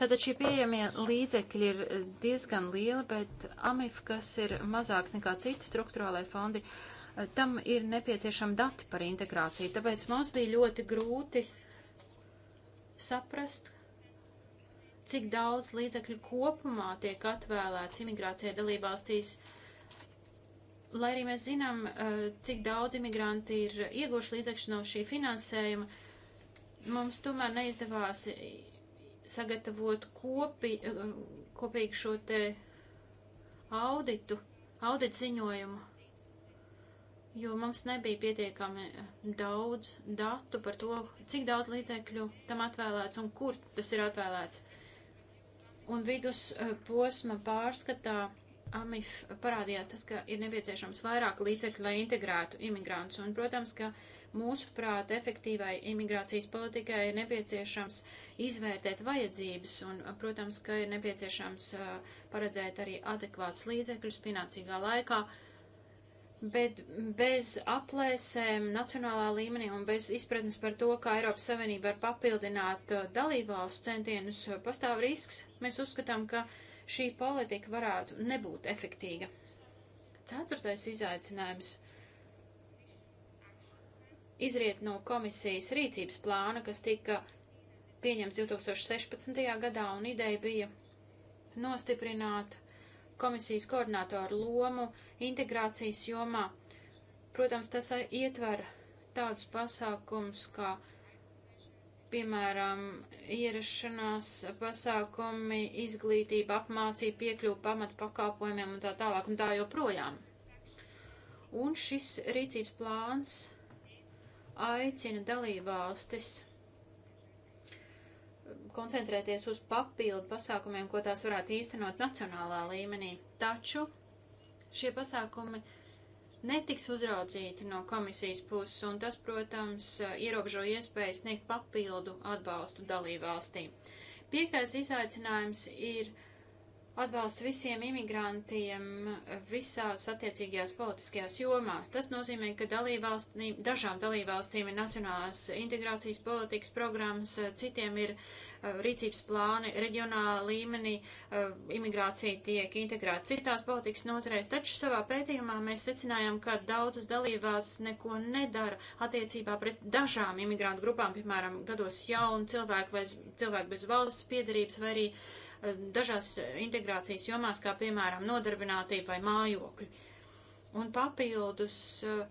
Tātad šie pieejamie līdzekļi ir diezgan lieli, bet AMIF, kas ir mazāks nekā citi struktūrālai fondi, tam ir nepieciešami dati par integrāciju. Tāpēc mums bija ļoti grūti saprast, cik daudz līdzekļu kopumā tiek atvēlēts imigrācijai dalībvalstīs. Lai arī mēs zinām, eh, cik daudz imigranti ir ieguvuši līdzekļus no šī finansējuma, mums tomēr neizdevās sagatavot kopi, kopīgi šo te auditu, audit ziņojumu, jo mums nebija pietiekami eh, daudz datu par to, cik daudz līdzekļu tam atvēlēts un kur tas ir atvēlēts. Un vidus eh, posma pārskatā AMIF parādījās tas, ka ir nepieciešams vairāk līdzekļu, lai integrētu imigrantus. Un, protams, ka uh, Mūsuprāt, efektīvai imigrācijas politikai ir nepieciešams izvērtēt vajadzības un, protams, ka ir nepieciešams paredzēt arī adekvātus līdzekļus pienācīgā laikā, bet bez aplēsēm nacionālā līmenī un bez izpratnes par to, kā Eiropas Savienība var papildināt dalībvalstu centienus, pastāv risks. Mēs uzskatām, ka šī politika varētu nebūt efektīga. Ceturtais izaicinājums izriet no komisijas rīcības plāna, kas tika pieņemts 2016. gadā, un ideja bija nostiprināt komisijas koordinātoru lomu integrācijas jomā. Protams, tas ietver tādus pasākums, kā piemēram, ierašanās pasākumi, izglītība, apmācība, piekļuva pamatu pakalpojumiem un tā tālāk un tā joprojām. Un šis rīcības plāns aicina dalībvalstis koncentrēties uz papildu pasākumiem, ko tās varētu īstenot nacionālā līmenī. Taču šie pasākumi netiks uzraudzīti no komisijas puses, un tas, protams, ierobežo iespēju sniegt papildu atbalstu dalībvalstīm. Piektais izaicinājums ir atbalsts visiem imigrantiem visās attiecīgajās politiskajās jomās. Tas nozīmē, ka dalībvalstīm, dažām dalībvalstīm ir nacionālās integrācijas politikas programmas, citiem ir uh, rīcības plāni reģionālā līmenī, uh, imigrācija tiek integrēta citās politikas nozarēs, taču savā pētījumā mēs secinājām, ka daudzas dalībās neko nedara attiecībā pret dažām imigrantu grupām, piemēram, gados jaunu cilvēku vai cilvēku bez valsts piedarības vai arī uh, dažās integrācijas jomās, kā piemēram nodarbinātība vai mājokļi. Un papildus eh,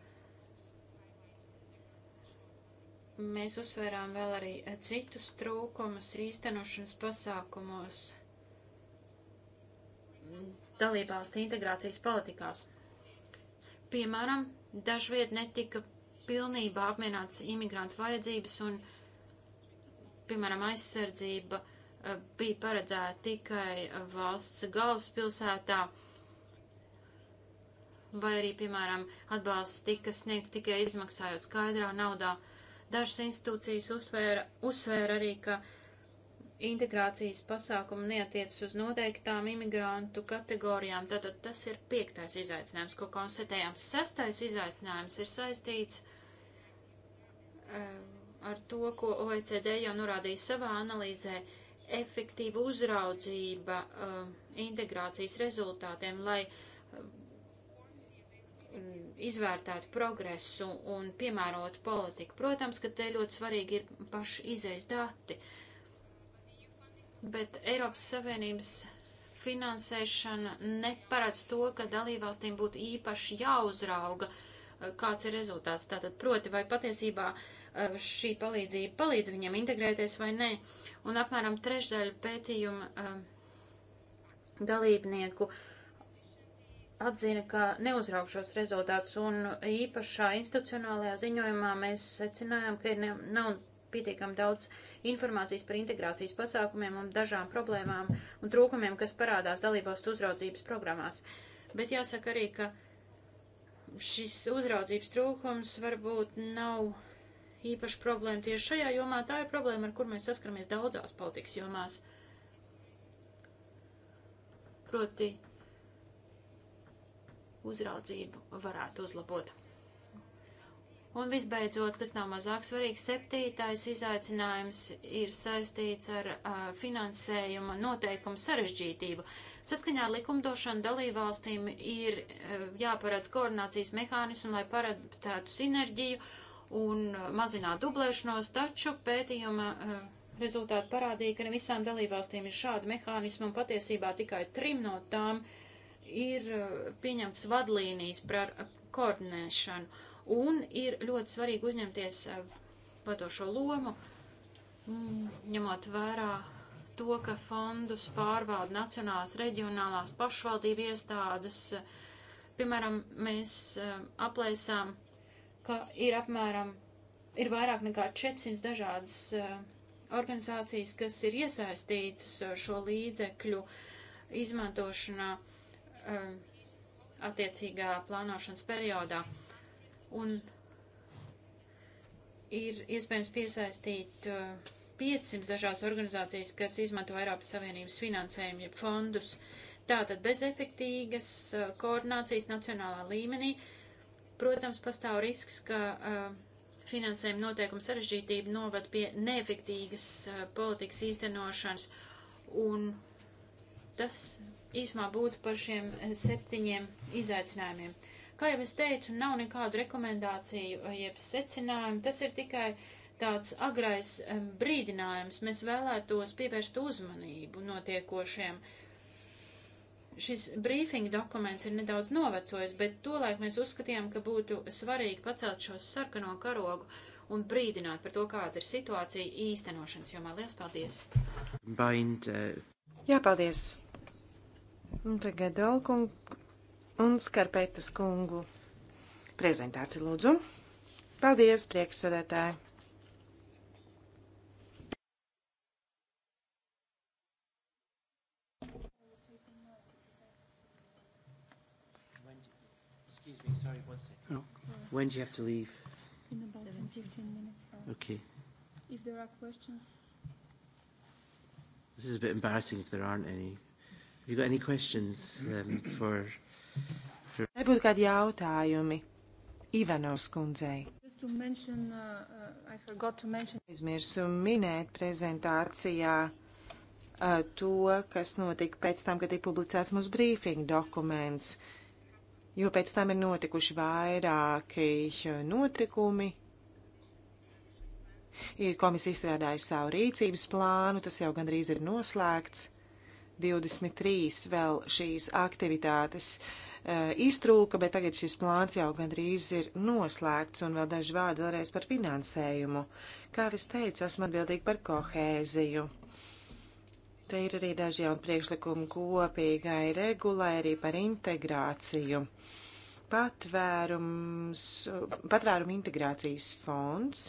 mēs uzsverām vēl arī eh, citus trūkumus īstenošanas pasākumos mm, dalībvalstu integrācijas politikās. Piemēram, dažviet netika pilnībā apmienāts imigrantu vajadzības un, piemēram, aizsardzība Eh, bija paredzēta tikai valsts galvaspilsētā, vai arī, piemēram, atbalsts tika sniegts tikai izmaksājot skaidrā naudā. Dažas institūcijas uzsvēra, uzsvēra arī, ka integrācijas pasākumu neatiec uz noteiktām imigrantu kategorijām, tātad tas ir piektais izaicinājums, ko konstatējām. Sestais izaicinājums ir saistīts um, ar to, ko OECD jau norādīja savā analīzē, uh, efektīva uzraudzība uh, integrācijas rezultātiem, lai uh, izvērtētu progresu un piemērotu politiku. Protams, ka te ļoti svarīgi ir paši izējas dati, bet Eiropas Savienības finansēšana neparedz to, ka dalībvalstīm būtu īpaši jāuzrauga, uh, kāds ir rezultāts. Tātad, proti, vai patiesībā šī palīdzība palīdz viņiem integrēties vai nē. Uh, un apmēram trešdaļa pētījuma um, dalībnieku atzina, ka neuzrauk šos rezultātus, un īpašā institucionālajā ziņojumā mēs secinājām, ka ir ne, nav pietiekami daudz informācijas par integrācijas pasākumiem un dažām problēmām un trūkumiem, kas parādās dalībos uzraudzības programmās. Bet jāsaka arī, ka šis uzraudzības trūkums varbūt nav īpaša problēma tieši šajā jomā. Tā ir problēma, ar kur mēs saskaramies daudzās politikas jomās. Proti uzraudzību varētu uzlabot. Un visbeidzot, kas nav mazāk svarīgs, septītais izaicinājums ir saistīts ar uh, finansējuma noteikumu sarežģītību. Saskaņā ar likumdošanu dalībvalstīm ir uh, jāparedz koordinācijas mehānismu, lai paredzētu sinerģiju uh, un mazināt dublēšanos, taču pētījuma eh, rezultāti parādīja, ka ne visām dalībvalstīm ir šādi mehānismi, un patiesībā tikai trim no tām ir eh, pieņemts vadlīnijas par koordinēšanu, un ir ļoti svarīgi uzņemties eh, vadošo lomu, mm, ņemot vērā to, ka fondus pārvalda nacionālās, reģionālās pašvaldību iestādes. Piemēram, mēs aplēsām ka ir apmēram ir vairāk nekā 400 dažādas eh, organizācijas, kas ir iesaistītas eh, šo līdzekļu izmantošanā eh, attiecīgā plānošanas periodā. Un ir iespējams piesaistīt 500 dažādas organizācijas, kas izmanto Eiropas Savienības finansējumu ja fondus. Tātad bez efektīgas koordinācijas nacionālā līmenī uh, Protams, pastāv risks, ka uh, finansējuma noteikuma sarežģītība novad pie neefektīgas uh, politikas īstenošanas, un tas īsumā būtu par šiem eh, septiņiem izaicinājumiem. Kā jau es teicu, nav nekādu rekomendāciju jeb secinājumu, tas ir tikai tāds agrais um, brīdinājums. Mēs vēlētos pievērst uzmanību notiekošiem. Uh, Šis brīfinga dokuments ir nedaudz novecojis, bet tolaik mēs uzskatījām, ka būtu svarīgi pacelt šo sarkano karogu un brīdināt par to, kāda ir situācija īstenošanas jomā. Lielas paldies! Bind, uh... Jā, paldies! Un tagad Dalkungu un Skarpētas kungu prezentāciju lūdzu. Paldies, priekšsēdētāji! When do you have to leave? In about 10, 15 minutes. So okay. If there are questions. This is a bit embarrassing if there aren't any. Have you got any questions um, for... for... Nebūtu kādi jautājumi. Ivanovs kundzei. Mention, uh, uh mention... Aizmirsu minēt prezentācijā uh, to, kas notika pēc tam, kad ir publicēts mūsu brīfinga dokuments. Uh, jo pēc tam ir notikuši vairāki eh, notikumi. Ir komisija izstrādājusi savu rīcības plānu, tas jau gandrīz ir noslēgts. 23 vēl šīs aktivitātes uh, iztrūka, bet tagad šis plāns jau gandrīz ir noslēgts un vēl daži vārdi vēlreiz par finansējumu. Kā es teicu, esmu atbildīgi par kohēziju. Te ir arī daži jauni priekšlikumi kopīgai regulai arī par integrāciju. Patvērums, patvērumu integrācijas fonds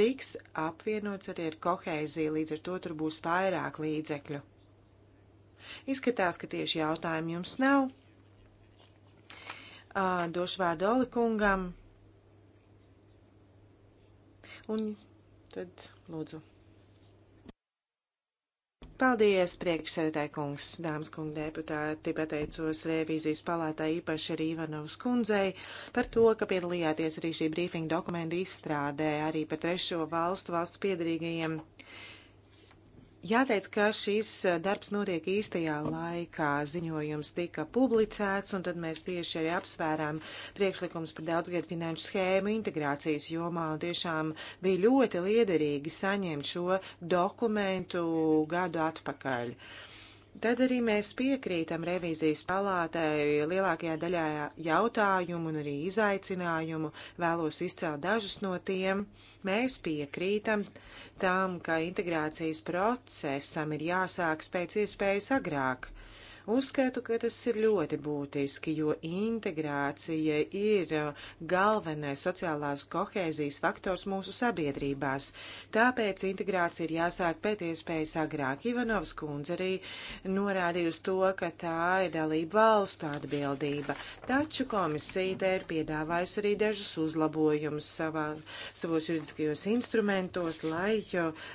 tiks apvienots arī ar kohēziju, līdz ar to tur būs vairāk līdzekļu. Izskatās, ka tieši jautājumu jums nav. Došu vārdu Olikungam. Un tad lūdzu. Paldies, priekšsēdētāji kungs, dāmas kungi deputāti, pateicos revīzijas palātā īpaši arī Ivanovas kundzei par to, ka piedalījāties arī šī brīfinga dokumenta izstrādē arī par trešo valstu valsts piedarīgajiem Jāteic, ka šis e, darbs notiek īstajā laikā. Ziņojums tika publicēts, un tad mēs tieši arī apsvērām priekšlikums par daudzgadu finanšu schēmu integrācijas jomā. Un tiešām bija ļoti liederīgi saņemt šo dokumentu gadu atpakaļ. Uh, Tad arī mēs piekrītam revīzijas palātai lielākajā daļā jautājumu un arī izaicinājumu. Vēlos izcelt dažus no tiem. Mēs piekrītam tam, ka integrācijas procesam ir jāsākas pēc iespējas agrāk. Uzskatu, ka tas ir ļoti būtiski, jo integrācija ir galvenais sociālās kohēzijas faktors mūsu sabiedrībās. Tāpēc integrācija ir jāsāk pēc iespējas agrāk. Ivanovs kundze arī norādīja uz to, ka tā ir dalība valstu atbildība. Taču komisija te ir piedāvājusi arī dažus uzlabojumus savā, savos juridiskajos instrumentos, lai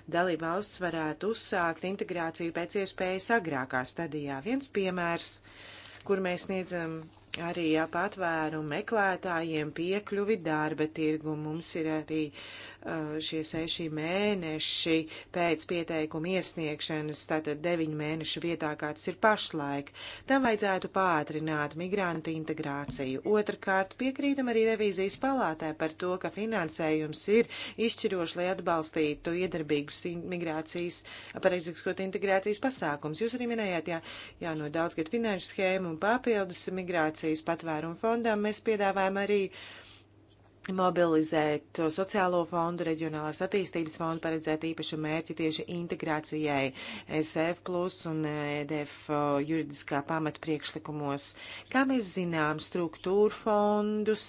dalība valsts varētu uzsākt integrāciju pēc iespējas agrākā stadijā. Viens piemērs, kur mēs sniedzam arī patvērumu meklētājiem piekļuvi darba tirgu. Mums ir arī šie seši mēneši pēc pieteikuma iesniegšanas, tātad deviņu mēnešu vietā, kāds ir pašlaik. Tam vajadzētu pātrināt migrantu integrāciju. Otrakārt, piekrītam arī revīzijas palātē par to, ka finansējums ir izšķiroši, lai atbalstītu iedarbīgus migrācijas, pareizīgskot integrācijas pasākums. Jūs arī minējāt, jā, jā no daudzgad finanšu schēmu un papildus migrācijas patvērumu fondam mēs piedāvājam arī uh, mobilizēt uh, sociālo fondu, reģionālās attīstības fondu, paredzēt īpašu mērķi tieši integrācijai SF plus un uh, EDF uh, juridiskā pamata priekšlikumos. Kā mēs zinām, struktūra fondus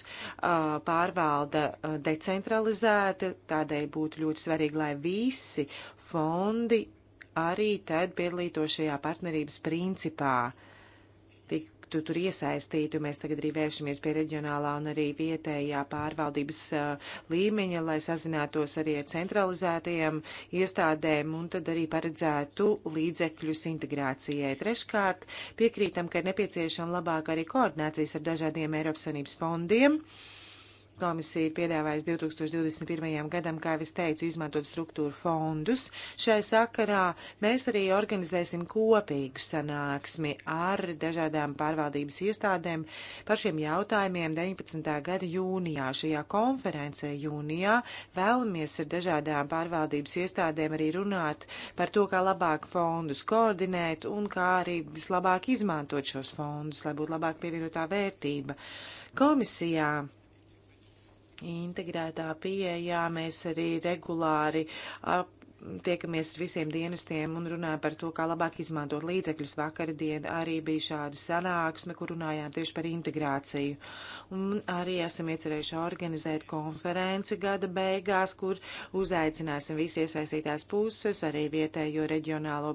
pārvalda decentralizēta, tādēļ būtu ļoti svarīgi, lai visi fondi arī tad piedalītos šajā partnerības principā projektu tur iesaistītu. Mēs tagad arī vēršamies pie reģionālā un arī vietējā pārvaldības līmeņa, lai sazinātos arī ar centralizētajiem iestādēm un tad arī paredzētu līdzekļus integrācijai. Treškārt, piekrītam, ka ir nepieciešama labāka arī koordinācijas ar dažādiem Eiropas Sanības fondiem. Thank you Komisija ir piedāvājas 2021. gadam, kā es teicu, izmantot struktūru fondus. Šai sakarā mēs arī organizēsim kopīgu sanāksmi ar dažādām pārvaldības iestādēm par šiem jautājumiem 19. gada jūnijā. Šajā konferencē jūnijā vēlamies ar dažādām pārvaldības iestādēm arī runāt par to, kā labāk fondus koordinēt un kā arī vislabāk izmantot šos fondus, lai būtu labāk pievienotā vērtība. Komisijā integrētā pieejā mēs arī regulāri ap tiekamies ar visiem dienestiem un runājam par to, kā labāk izmantot līdzekļus. Vakardien arī bija šāda sanāksme, kur runājām tieši par integrāciju. Un arī esam iecerējuši organizēt konferenci gada beigās, kur uzaicināsim visi iesaistītās puses, arī vietējo reģionālo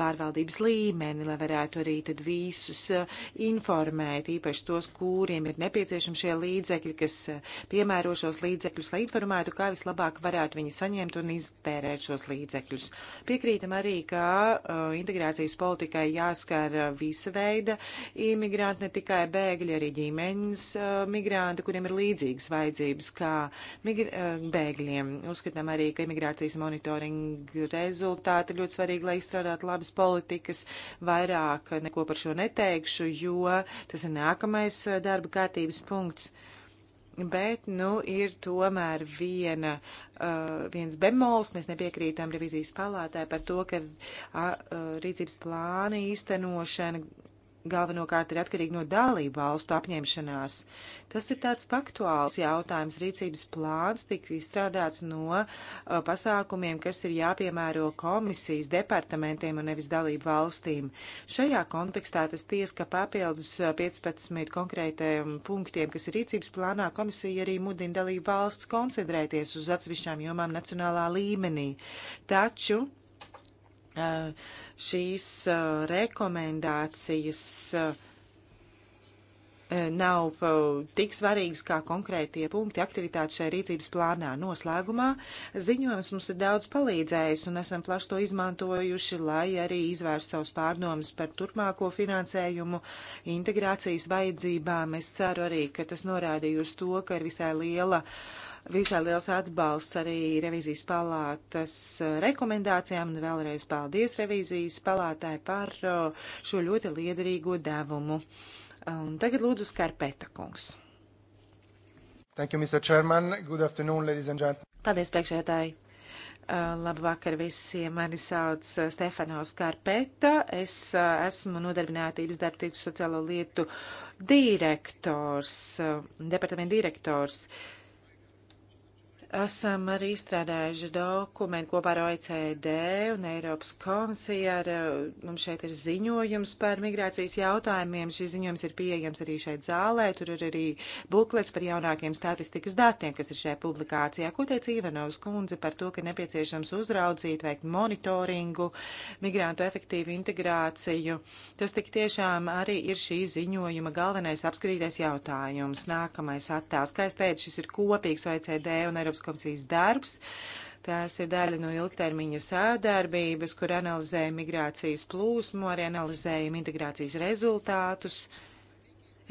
pārvaldības līmeni, lai varētu arī tad visus uh, informēt, īpaši tos, kuriem ir nepieciešami šie līdzekļi, kas uh, piemēro šos līdzekļus, lai informētu, kā vislabāk varētu viņi saņemt un iztērēt šos finansiālos līdzekļus. Piekrītam arī, ka uh, integrācijas politikai jāskar visa veida imigranti, ne tikai bēgļi, arī ģimeņas uh, migranti, kuriem ir līdzīgas vajadzības kā uh, bēgļiem. Uzskatām arī, ka imigrācijas monitoringa rezultāti ļoti svarīgi, lai izstrādātu labas politikas. Vairāk neko par šo neteikšu, jo tas ir nākamais uh, darba kārtības punkts. Bet, nu, ir tomēr viena, uh, viens bemols, mēs nepiekrītam revizijas palātē par to, ka uh, rīcības plāna īstenošana galvenokārt ir atkarīgi no dalību valstu apņemšanās. Tas ir tāds faktuāls jautājums. Rīcības plāns tiks izstrādāts no uh, pasākumiem, kas ir jāpiemēro komisijas departamentiem un nevis dalību valstīm. Šajā kontekstā tas ties, ka papildus 15 uh, konkrētajiem punktiem, kas ir rīcības plānā, komisija arī mudina dalību valsts koncentrēties uz atsevišķām jomām nacionālā līmenī. Taču šīs rekomendācijas nav tik svarīgas kā konkrētie punkti aktivitāti šai rīcības plānā. Noslēgumā ziņojums mums ir daudz palīdzējis un esam plaši to izmantojuši, lai arī izvērst savus pārdomus par turpmāko finansējumu integrācijas vajadzībām. Es ceru arī, ka tas norādīja uz to, ka ir visai liela uh, visai liels atbalsts arī revizijas palātas rekomendācijām un vēlreiz paldies revizijas palātai par šo ļoti liederīgo devumu. Un tagad lūdzu Skarpēta kungs. Thank you, Mr. Chairman. Good afternoon, ladies and gentlemen. Paldies, priekšētāji. Uh, labvakar visiem. Mani sauc uh, Stefano Skarpeta. Es uh, esmu nodarbinātības darbtību sociālo lietu direktors, departamenta direktors. Uh, Esam arī izstrādājuši dokumentu kopā ar OECD un Eiropas komisiju. Ar, mums šeit ir ziņojums par migrācijas jautājumiem. Šis ziņojums ir pieejams arī šeit zālē. Tur ir arī buklets par jaunākiem statistikas datiem, kas ir šajā publikācijā. Ko teica Ivanovs kundze par to, ka nepieciešams uzraudzīt, veikt monitoringu, migrantu efektīvu integrāciju? Tas tik tiešām arī ir šī ziņojuma galvenais apskatītais jautājums. Nākamais attēls. Kā es teicu, šis ir kopīgs OECD un Eiropas komisijas darbs. Tās ir daļa no ilgtermiņa sādarbības, kur analizējam migrācijas plūsmu, arī analizējam integrācijas rezultātus.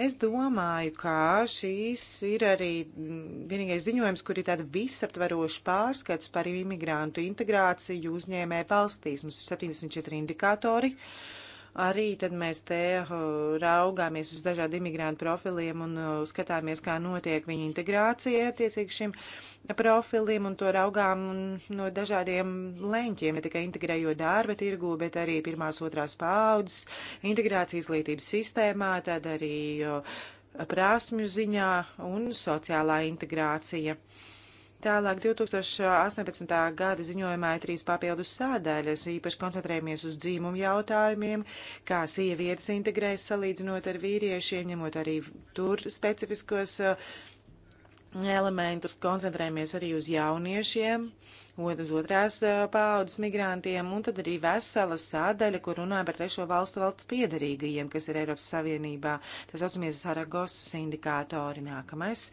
Es domāju, ka šīs ir arī mm, vienīgais ziņojums, kur ir tāda visaptvaroša pārskats par imigrantu integrāciju uzņēmē valstīs. Mums ir 74 indikātori. Uh, Arī tad mēs te eh, raugāmies uz dažādu imigrantu profiliem un eh, skatāmies, kā notiek viņa integrācija attiecīgi šim profilim un to raugām no dažādiem leņķiem, ne tikai integrējot darba tirgu, bet arī pirmās otrās paudzes integrācijas izglītības sistēmā, tad arī eh, prasmju ziņā un sociālā integrācija. Uh, Tālāk 2018. gada ziņojumā ir trīs papildus sādēļas, īpaši koncentrējamies uz dzīmumu jautājumiem, kā sievietes integrēs salīdzinot ar vīriešiem, ņemot arī tur specifiskos eh, elementus, koncentrējamies arī uz jauniešiem. Uh, otras, otrās paudzes migrantiem, un tad arī vesela sādaļa, kur runāja par trešo valstu valsts piedarīgajiem, kas ir Eiropas Savienībā. Tas saucamies Saragosas indikātori nākamais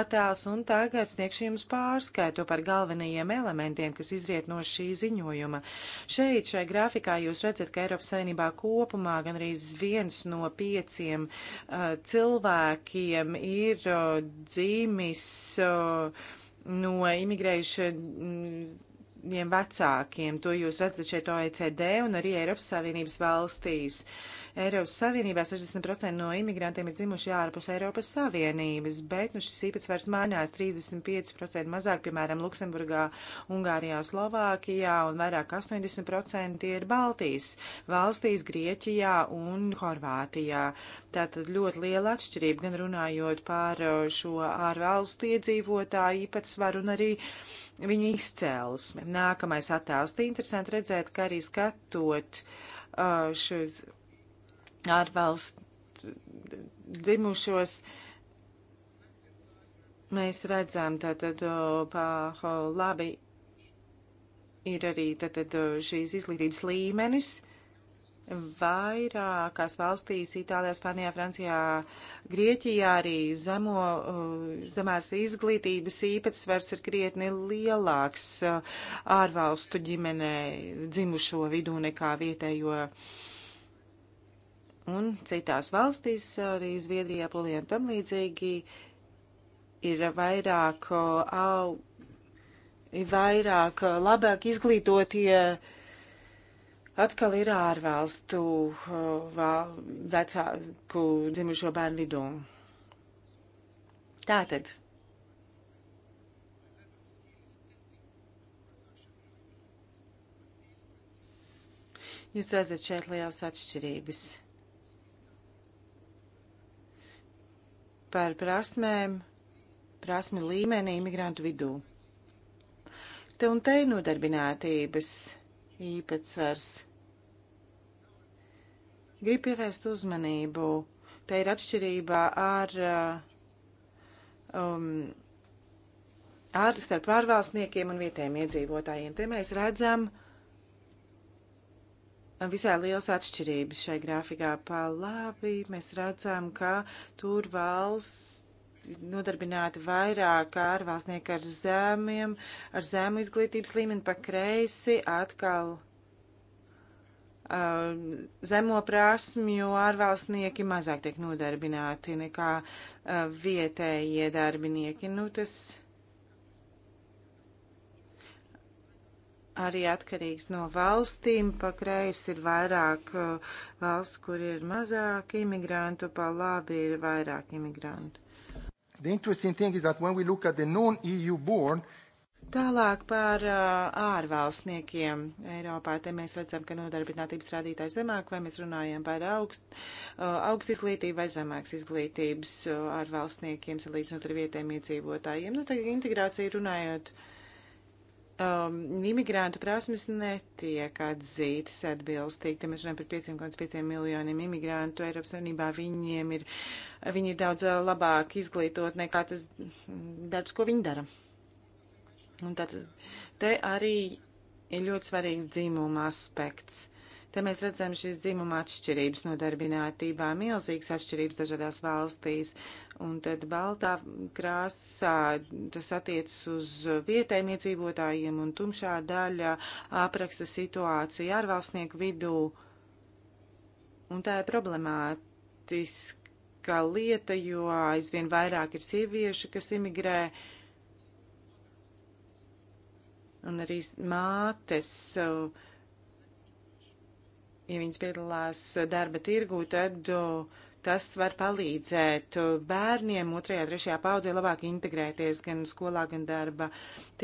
attēls, un tagad sniegšu jums pārskaitu par galvenajiem elementiem, kas izriet no šī ziņojuma. Šeit, šai grafikā, jūs redzat, ka Eiropas Savienībā kopumā gan arī viens no pieciem uh, cilvēkiem ir uh, dzīmis. Uh, no imigrējušiem mm, vecākiem. To jūs redzat šeit OECD un arī Eiropas Savienības valstīs. Uh, Eiropas Savienībā 60% no imigrantiem ir dzimuši ārpus Eiropas Savienības, bet nu, šis īpatsvars mainās 35% mazāk, piemēram, Luksemburgā, Ungārijā, Slovākijā, un vairāk 80% ir Baltijas valstīs, Grieķijā un Horvātijā. Tātad ļoti liela atšķirība, gan runājot par uh, šo ārvalstu iedzīvotāju īpatsvaru un arī viņu izcēlesmi. Nākamais attēls. Interesanti redzēt, ka arī skatot uh, šis atbalst dzimušos. Mēs redzam, tātad pāho labi ir arī tātad šīs izglītības līmenis. Vairākās valstīs, Itālijā, Spānijā, Francijā, Grieķijā arī zemo, zemās izglītības īpatsvars ir krietni lielāks ārvalstu ģimenē dzimušo vidū nekā vietējo uh, Un citās valstīs, arī Zviedrijā, Polijā un tam līdzīgi, ir vairāk, uh, au, vairāk uh, labāk izglītotie atkal ir ārvalstu uh, val, vecāku dzimušo bērnu vidū. Tātad. Jūs redzat šeit lielas atšķirības. par prasmēm, prasmi līmeni imigrantu vidū. Te un te nodarbinātības īpatsvars. Gribu pievērst uzmanību. Te ir atšķirība ar, uh, um, ar starp ārvalstniekiem un vietējiem iedzīvotājiem. Te mēs redzam, uh, visai liels atšķirības šai grafikā. Pa labi, mēs redzam, ka tur valsts nodarbināti vairāk ārvalstnieki ar zemiem, ar zemu izglītības līmeni, pa kreisi atkal uh, zemo prasmju ārvalstnieki mazāk tiek nodarbināti nekā uh, vietējie darbinieki. Nu, tas arī atkarīgs no valstīm. Pa kreisi ir vairāk uh, valsts, kur ir mazāk imigrantu, pa labi ir vairāk imigrantu. The interesting thing is that when we look at the non-EU born, Tālāk par uh, ārvalstniekiem Eiropā. Te mēs redzam, ka nodarbinātības rādītājs zemāk, vai mēs runājam par augst, uh, augstu izglītību vai zemāks izglītības uh, ārvalstniekiem, salīdzinot ar vietējiem iedzīvotājiem. Nu, tagad integrācija runājot. Uh, um, imigrantu prasmes netiek atzītas atbilstīgi. Te mēs runājam par 5,5 miljoniem imigrantu Eiropas Savienībā. Viņiem ir, viņi ir daudz uh, labāk izglītot nekā tas darbs, ko viņi dara. Un tad te arī ir ļoti svarīgs dzimuma aspekts. Te mēs redzam šīs dzimuma atšķirības nodarbinātībā, milzīgas atšķirības dažādās valstīs. Un tad baltā krāsā tas attiecas uz vietējiem iedzīvotājiem, un tumšā daļa apraksta situāciju ārvalstnieku vidū. Un tā ir problemātiska lieta, jo aizvien vairāk ir sieviešu, kas imigrē un arī mātes uh, ja viņas piedalās darba tirgū, tad tas var palīdzēt bērniem otrajā, trešajā paudzē labāk integrēties gan skolā, gan darba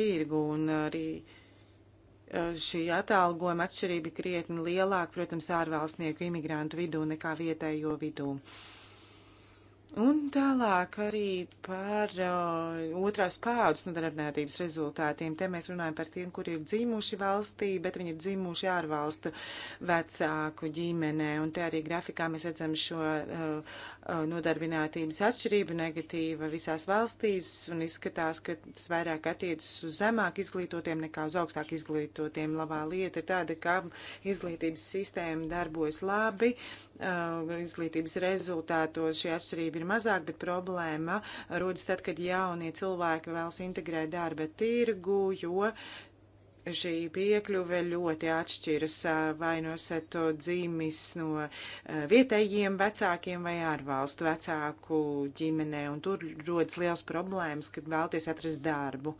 tirgū. Un arī šī atalgojuma atšķirība krietni lielāka, protams, ārvalstnieku imigrantu vidū nekā vietējo vidū. Uh, Un tālāk arī par uh, otrās paudzes nodarbinātības rezultātiem. Te mēs runājam par tiem, kuri ir dzīvojuši valstī, bet viņi ir dzīvojuši ārvalstu vecāku ģimenē. Un te arī grafikā mēs redzam šo uh, Uh, nodarbinātības atšķirība negatīva visās valstīs un izskatās, ka tas vairāk attiecas uz zemāk izglītotiem nekā uz augstāk izglītotiem. Labā lieta ir tāda, ka izglītības sistēma darbojas labi, uh, izglītības rezultātos šī atšķirība ir mazāk, bet problēma rodas tad, kad jaunie cilvēki vēlas integrēt darba tirgu, jo šī piekļuve ļoti atšķiras, vai nu no esat dzīmis no vietējiem vecākiem vai ārvalstu vecāku ģimenē, un tur rodas liels problēmas, kad vēlties atrast darbu.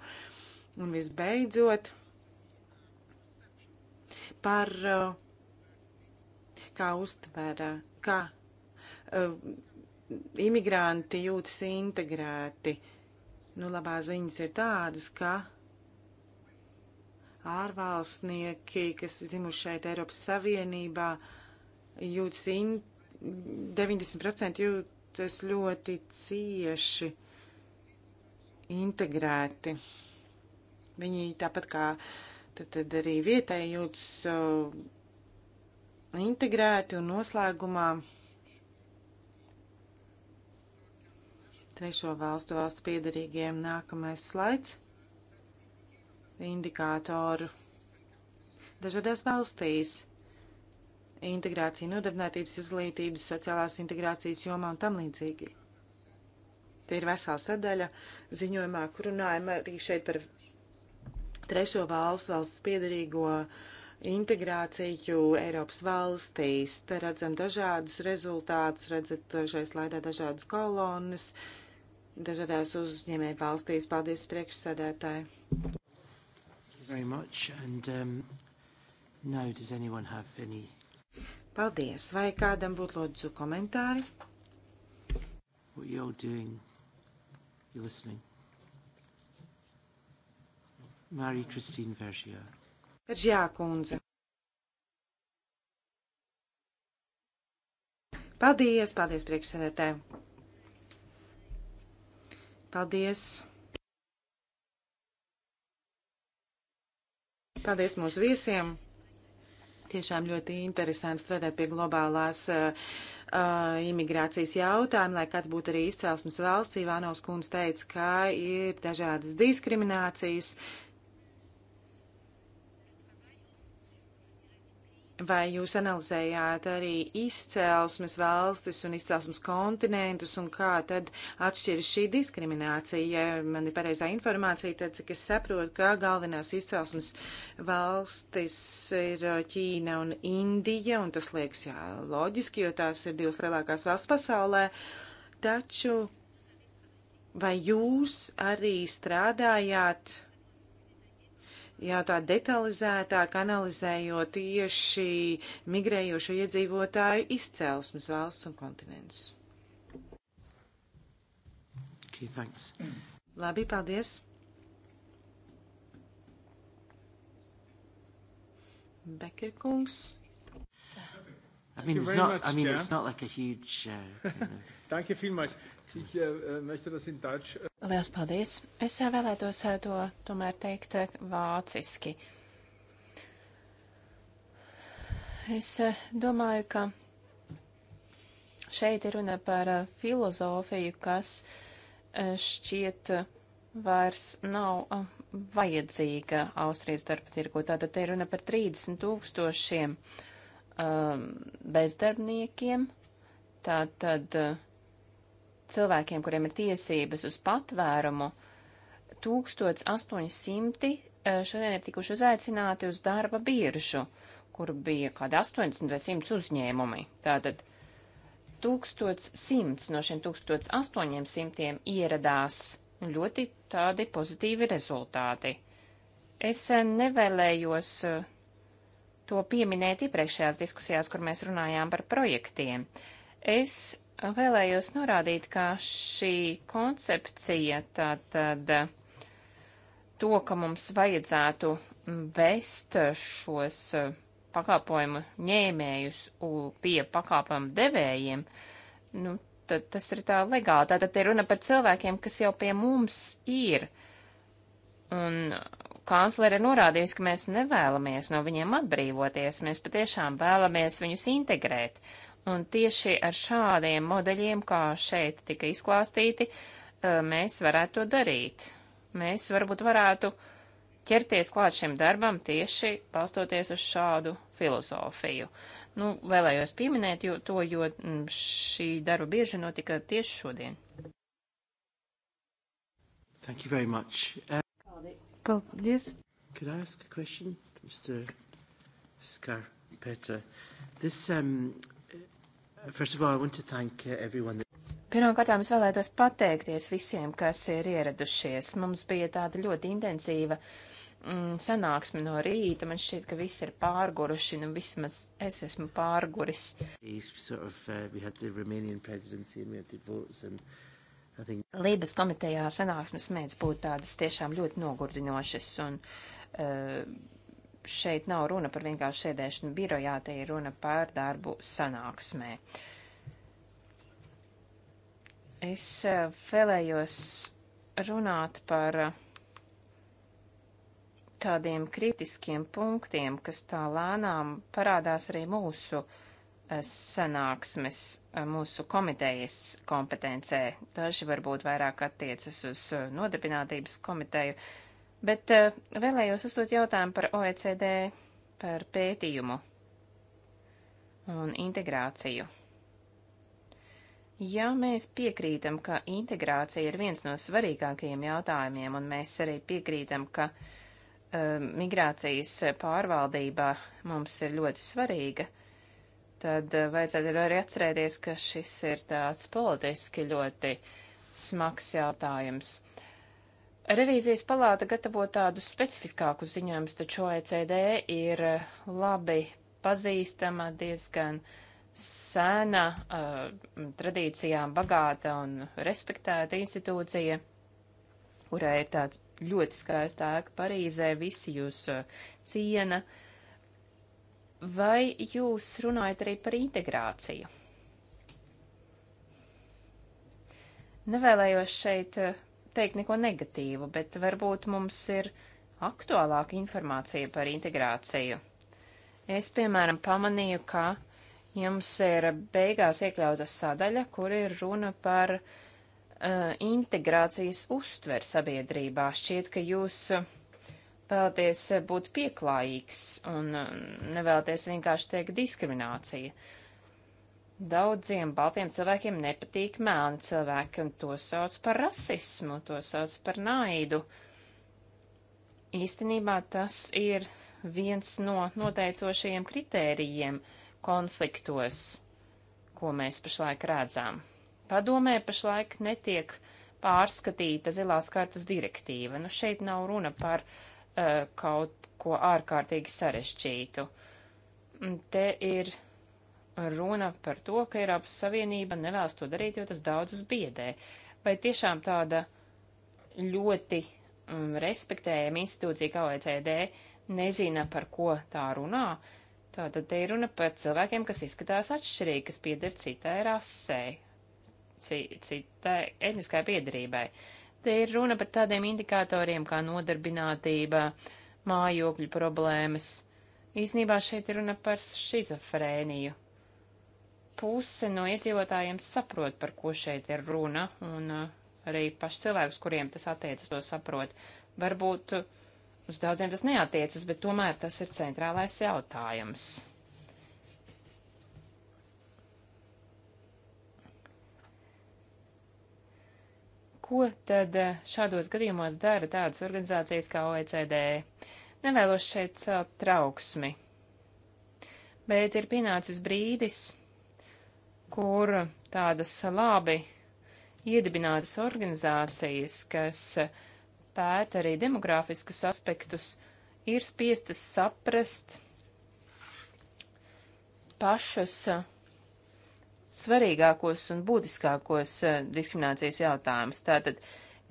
Un visbeidzot, par kā uztvera, kā imigranti jūtas integrēti. Nu, labā ziņas ir tādas, ka ārvalstnieki, kas zimuši šeit Eiropas Savienībā, jūtas in, 90% jūtas ļoti cieši integrēti. Viņi tāpat kā tad, tad arī vietēji jūtas uh, integrēti un noslēgumā trešo valstu valsts piedarīgiem nākamais slaids indikātoru dažādās valstīs integrācija, nodarbinātības, izglītības, sociālās integrācijas jomā un tam līdzīgi. Te ir vesela sadaļa ziņojumā, kur runājam arī šeit par trešo valsts, valsts piedarīgo integrāciju Eiropas valstīs. Te redzam dažādus rezultātus, redzat šai slaidā dažādas kolonas, dažādās uzņēmē valstīs. Paldies priekšsēdētāji! very much. And um, now, does anyone have any? Paldies. Vai kādam būtu lūdzu komentāri? What you all doing? You listening? Marie Christine Vergia. Vergia kundze. Paldies, paldies priekšsēdētājiem. Paldies. Paldies mūs visiem! Tiešām ļoti interesanti strādāt pie globālās uh, imigrācijas jautājumu, lai kāds būtu arī izcelsmes valsts. Ivānovs kundze teica, ka ir dažādas diskriminācijas, Vai jūs analizējāt arī izcelsmes valstis un izcelsmes kontinentus un kā tad atšķiras šī diskriminācija? Ja man ir pareizā informācija, tad cik es saprotu, ka galvenās izcelsmes valstis ir uh, Ķīna un Indija, un tas liekas jā, loģiski, jo tās ir divas lielākās valsts pasaulē. Taču vai jūs arī strādājāt? jau tā detalizētāk analizējot tieši migrējošo iedzīvotāju izcēlesmes valsts un kontinents. Okay, thanks. Labi, paldies. Becker kungs. I mean, it's not, much, I mean, yeah. it's not like a huge. Uh, you know. Danke vielmals. Ich äh, äh, möchte das in Deutsch. Äh, Lielas paldies! Es vēlētos to tomēr teikt eh, vāciski. Es eh, domāju, ka šeit ir runa par eh, filozofiju, kas šķiet vairs nav vajadzīga Austrijas darba tirgu. Tātad te ir runa par 30 tūkstošiem um, bezdarbniekiem. Tātad uh, cilvēkiem, kuriem ir tiesības uz patvērumu, 1800 e, šodien ir tikuši uzaicināti uz darba biržu, kur bija kādi 80 vai 100 uzņēmumi. Tātad 1100 no šiem 1800 ieradās ļoti tādi pozitīvi rezultāti. Es e, nevēlējos e, to pieminēt iepriekšējās diskusijās, kur mēs runājām par projektiem. Es vēlējos norādīt, ka šī koncepcija, tātad to, ka mums vajadzētu vest šos pakāpojumu ņēmējus pie pakāpojumu devējiem, nu, tad tas ir tā legāli. Tātad te runa par cilvēkiem, kas jau pie mums ir. Un kanclere norādījusi, ka mēs nevēlamies no viņiem atbrīvoties, mēs patiešām vēlamies viņus integrēt. Uh, Un tieši ar šādiem modeļiem, kā šeit tika izklāstīti, mēs varētu to darīt. Mēs varbūt varētu ķerties klāt šim darbam tieši balstoties uz šādu filozofiju. Nu, vēlējos pieminēt jo, to, jo šī darba bieži notika tieši šodien. Thank you very much. Um, Paldies. Could I ask a question, Mr. Scarpetta? This um, Uh, Pirmkārt, es vēlētos pateikties visiem, kas ir ieradušies. Mums bija tāda ļoti intensīva mm, sanāksme no rīta. Man šķiet, ka visi ir pārguruši, nu vismaz es esmu pārguris. Sort of, uh, think... Lības komitejā sanāksmes mēdz būt tādas tiešām ļoti nogurdinošas un uh, šeit nav runa par vienkārši sēdēšanu birojā, te ir runa par darbu sanāksmē. Es eh, vēlējos runāt par eh, tādiem kritiskiem punktiem, kas tā lēnām parādās arī mūsu eh, sanāksmes, mūsu komitejas kompetencē. Daži varbūt vairāk attiecas uz nodarbinātības komiteju, uh, Bet eh, vēlējos uzdot jautājumu par OECD, par pētījumu un integrāciju. Ja mēs piekrītam, ka integrācija ir viens no svarīgākajiem jautājumiem, un mēs arī piekrītam, ka uh, migrācijas pārvaldība mums ir ļoti svarīga, tad eh, vajadzētu arī atcerēties, ka šis ir tāds politiski ļoti smags jautājums. Uh, Revīzijas palāta gatavo tādus specifiskākus ziņojumus, taču OECD ir eh, labi pazīstama, diezgan sena, uh, eh, tradīcijām bagāta un respektēta institūcija, kurai ir tāds ļoti skaists ēka Parīzē, visi jūs uh, ciena. Vai jūs runājat arī par integrāciju? Nevēlējos šeit uh, teikt neko negatīvu, bet varbūt mums ir aktuālāka informācija par integrāciju. Es, piemēram, pamanīju, ka jums ir beigās iekļauta sadaļa, kur ir runa par uh, integrācijas uztver sabiedrībā. Šķiet, ka jūs vēlaties būt pieklājīgs un uh, nevēlaties vienkārši teikt diskriminācija. Uh, Daudziem baltiem cilvēkiem nepatīk melni cilvēki, un to sauc par rasismu, to sauc par naidu. Īstenībā tas ir viens no noteicošajiem kritērijiem konfliktos, ko mēs pašlaik redzam. Padomē pašlaik netiek pārskatīta zilās kartas direktīva. Nu, šeit nav runa par uh, kaut ko ārkārtīgi sarežģītu. Te ir runa par to, ka Eiropas Savienība nevēlas to darīt, jo tas daudzus biedē. Vai tiešām tāda ļoti um, respektējama institūcija kā OECD nezina, par ko tā runā? Tātad te ir runa par cilvēkiem, kas izskatās atšķirīgi, kas pieder citai rasē, citai etniskai piedarībai. Te ir runa par tādiem indikatoriem kā nodarbinātība, mājokļu problēmas. Īsnībā šeit ir runa par šizofrēniju puse no iedzīvotājiem saprot, par ko šeit ir runa, un arī paši cilvēks, kuriem tas attiecas, to saprot. Varbūt uz daudziem tas neatiecas, bet tomēr tas ir centrālais jautājums. Ko tad šādos gadījumos dara tādas organizācijas kā OECD? Nevēlos šeit celt trauksmi, bet ir pienācis brīdis kur tādas labi iedibinātas organizācijas, kas pēta arī demogrāfiskus aspektus, ir spiestas saprast pašus svarīgākos un būtiskākos eh, diskriminācijas jautājumus. Tātad,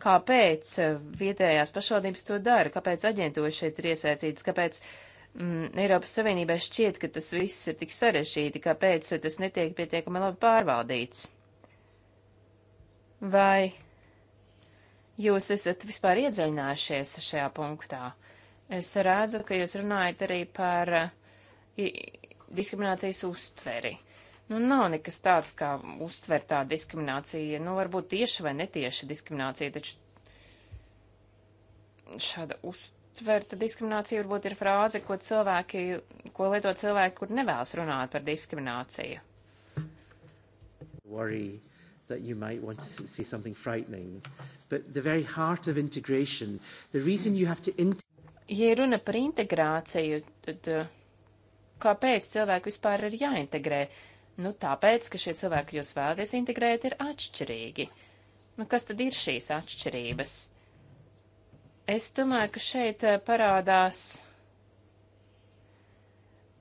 kāpēc eh, vietējās pašvaldības to dara, kāpēc aģentūras šeit ir iesaistītas, kāpēc uh, mm, Eiropas Savienībā šķiet, ka tas viss ir tik sarežģīti, kāpēc tas netiek pietiekami labi pārvaldīts? Vai jūs esat vispār iedziļinājušies šajā punktā? Es redzu, ka jūs runājat arī par uh, diskriminācijas uztveri. Nu, nav nekas tāds, kā uztvertā diskriminācija. Nu, varbūt tieši vai netieši diskriminācija, taču šāda uztvere aptverta diskriminācija varbūt ir frāze, ko cilvēki, ko lieto cilvēki, kur nevēlas runāt par diskrimināciju. Worry that you might want to see something frightening, but the very heart of integration, the reason you have to in Ja runa par integrāciju, tad eh, kāpēc cilvēki vispār ir jāintegrē? Nu, tāpēc, ka šie cilvēki, jūs vēlaties integrēt, ir atšķirīgi. Nu, kas tad ir šīs atšķirības? Es domāju, ka šeit eh, parādās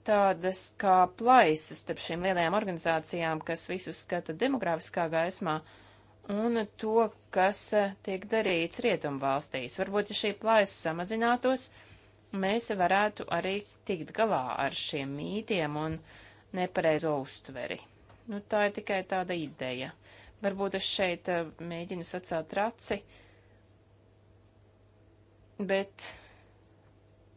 tādas kā plaisas starp šīm lielajām organizācijām, kas visus skata demografiskā gaismā, un to, kas eh, tiek darīts rietumvalstīs. Varbūt, ja šī plaisa samazinātos, mēs varētu arī tikt galā ar šiem mītiem un nepareizo uztveri. Nu, tā ir tikai tāda ideja. Varbūt es šeit eh, mēģinu sacelt raci. Uh, bet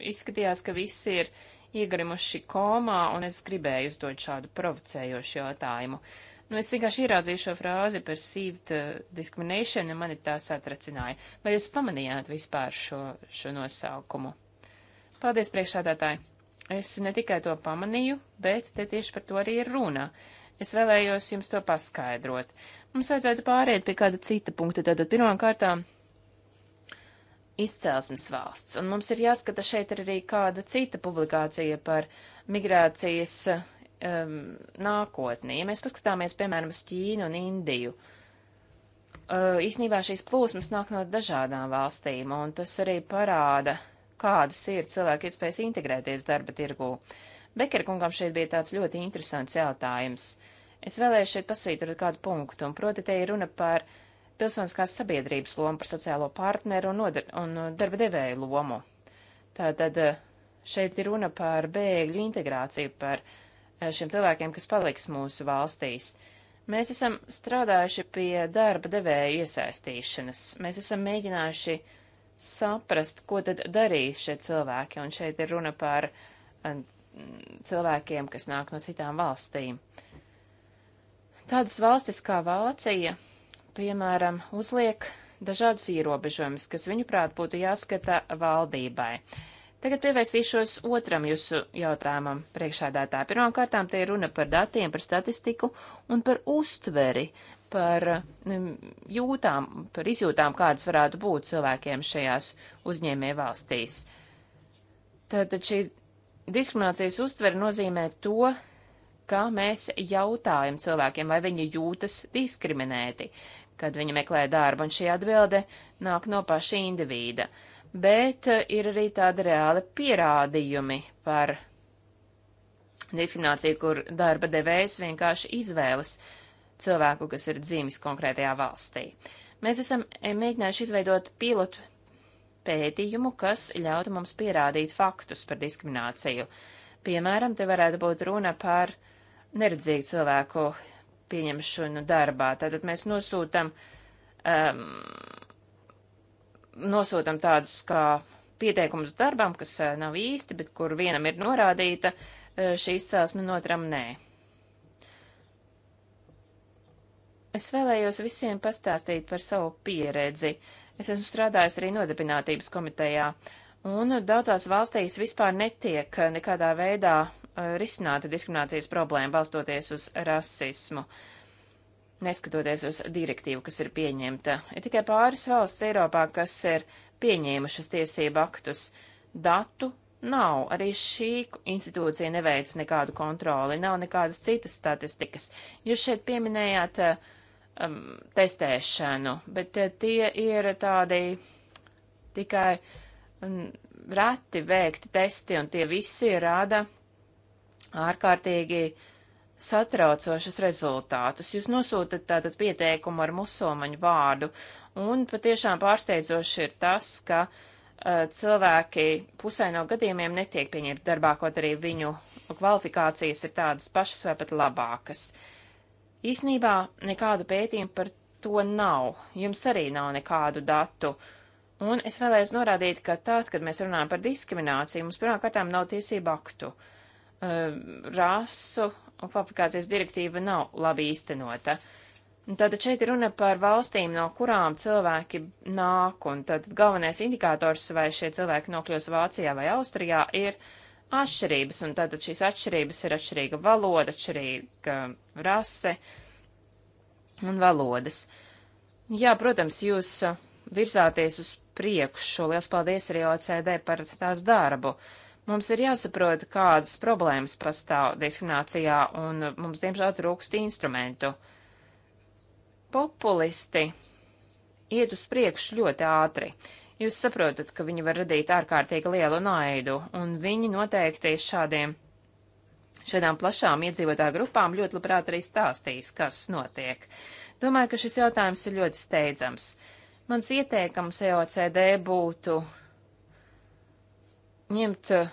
izskatījās, ka visi ir iegrimuši komā, un es gribēju uzdot šādu provocējošu jautājumu. Nu, es vienkārši ieraudzīju šo frāzi par sīvt eh, diskriminēšanu, un mani tā satracināja. Vai jūs pamanījāt vispār šo, šo nosaukumu? Paldies, priekšādātāji! Es ne tikai to pamanīju, bet te tieši par to arī ir runa. Es vēlējos jums to paskaidrot. Mums vajadzētu pāriet pie kāda cita punkta. Tātad pirmām kārtām izcelsmes valsts. Un mums ir jāskata šeit ir arī kāda cita publikācija par migrācijas um, nākotni. Ja mēs paskatāmies, piemēram, uz Ķīnu un Indiju, uh, īsnībā šīs plūsmas nāk no dažādām valstīm, un tas arī parāda, kādas ir cilvēku iespējas integrēties darba tirgū. Bekerkungam šeit bija tāds ļoti interesants jautājums. Es vēlēju šeit pasvītrot kādu punktu, un proti te ir runa par uh, pilsoniskās sabiedrības lomu, par sociālo partneru un, nodar, un darba devēju lomu. Tātad eh, šeit ir runa par bēgļu integrāciju, par eh, šiem cilvēkiem, kas paliks mūsu valstīs. Mēs esam strādājuši pie darba devēju iesaistīšanas. Mēs esam mēģinājuši saprast, ko tad darīs šie cilvēki, un šeit ir runa par eh, cilvēkiem, kas nāk no citām valstīm. Tādas valstis kā Vācija piemēram, uzliek dažādus ierobežojumus, kas viņuprāt būtu jāskata valdībai. Tagad pievērsīšos otram jūsu jautājumam priekšādātā. Pirmkārtām te ir runa par datiem, par statistiku un par uztveri, par mm, jūtām, par izjūtām, kādas varētu būt cilvēkiem šajās uzņēmē valstīs. Tad šī diskriminācijas uztvere nozīmē to, ka mēs jautājam cilvēkiem, vai viņi jūtas diskriminēti, kad viņi meklē darbu, un šī atbilde nāk no paša indivīda. Bet e, ir arī tādi reāli pierādījumi par diskrimināciju, kur darba devējs vienkārši izvēlas cilvēku, kas ir dzimis konkrētajā valstī. Mēs esam mēģinājuši izveidot pilotu pētījumu, kas ļautu mums pierādīt faktus par diskrimināciju. Piemēram, te varētu būt runa par neredzīgu cilvēku pieņemšanu darbā. Tātad mēs nosūtam, um, nosūtam tādus kā pieteikumus darbam, kas uh, nav īsti, bet kur vienam ir norādīta uh, šī izcelsme, otram nē. Es vēlējos visiem pastāstīt par savu pieredzi. Es esmu strādājis arī nodarbinātības komitejā. Un daudzās valstīs vispār netiek eh, nekādā veidā Eh, risinātu diskriminācijas problēmu balstoties uz rasismu, neskatoties uz direktīvu, kas ir pieņemta. Ir tikai pāris valsts Eiropā, kas ir pieņēmušas tiesību aktus. Datu nav. Arī šī institūcija neveic nekādu kontroli, nav nekādas citas statistikas. Jūs šeit pieminējāt eh, um, testēšanu, bet eh, tie ir tādi tikai um, reti veikti testi, un tie visi rāda ārkārtīgi satraucošus rezultātus. Jūs nosūtat tātad pieteikumu ar musulmaņu vārdu, un patiešām pārsteidzoši ir tas, ka uh, cilvēki pusē no gadījumiem netiek pieņemti darbā, kaut arī viņu kvalifikācijas ir tādas pašas vai pat labākas. Īsnībā nekādu pētījumu par to nav. Jums arī nav nekādu datu. Un es vēlējos norādīt, ka tad, kad mēs runājam par diskrimināciju, mums pirmkārt nav tiesību aktu. Uh, Eh, rasu un kvalifikācijas direktīva nav labi īstenota. Tātad šeit ir runa par valstīm, no kurām cilvēki nāk, un tad galvenais indikators, vai šie cilvēki nokļūs Vācijā vai Austrijā, ir atšķirības, un tātad šīs atšķirības ir atšķirīga valoda, atšķirīga rase un valodas. Jā, protams, jūs eh, virzāties uz priekšu. Lielas paldies arī OCD par tās darbu. Uh, Mums ir jāsaprot, kādas problēmas pastāv diskriminācijā, un mums, diemžēl, trūkst instrumentu. Populisti iet uz priekšu ļoti ātri. Jūs saprotat, ka viņi var radīt ārkārtīgi lielu naidu, un viņi noteikti šādiem, šādām plašām iedzīvotāju grupām ļoti labprāt arī stāstīs, kas notiek. Domāju, ka šis jautājums ir ļoti steidzams. Mans ieteikums EOCD būtu ņemt eh,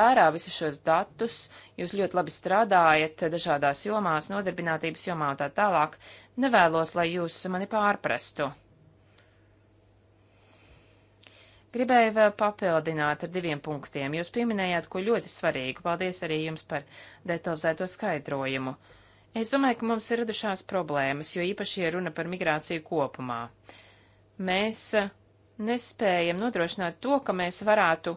vērā visus šos datus, jūs ļoti labi strādājat dažādās jomās, nodarbinātības jomā un tā tālāk. Nevēlos, lai jūs mani pārprastu. Gribēju vēl papildināt ar diviem punktiem. Jūs pieminējāt, ko ļoti svarīgu. Paldies arī jums par detalizēto skaidrojumu. Es domāju, ka mums ir radušās problēmas, jo īpaši ir runa par migrāciju kopumā. Mēs uh, nespējam nodrošināt to, ka mēs varētu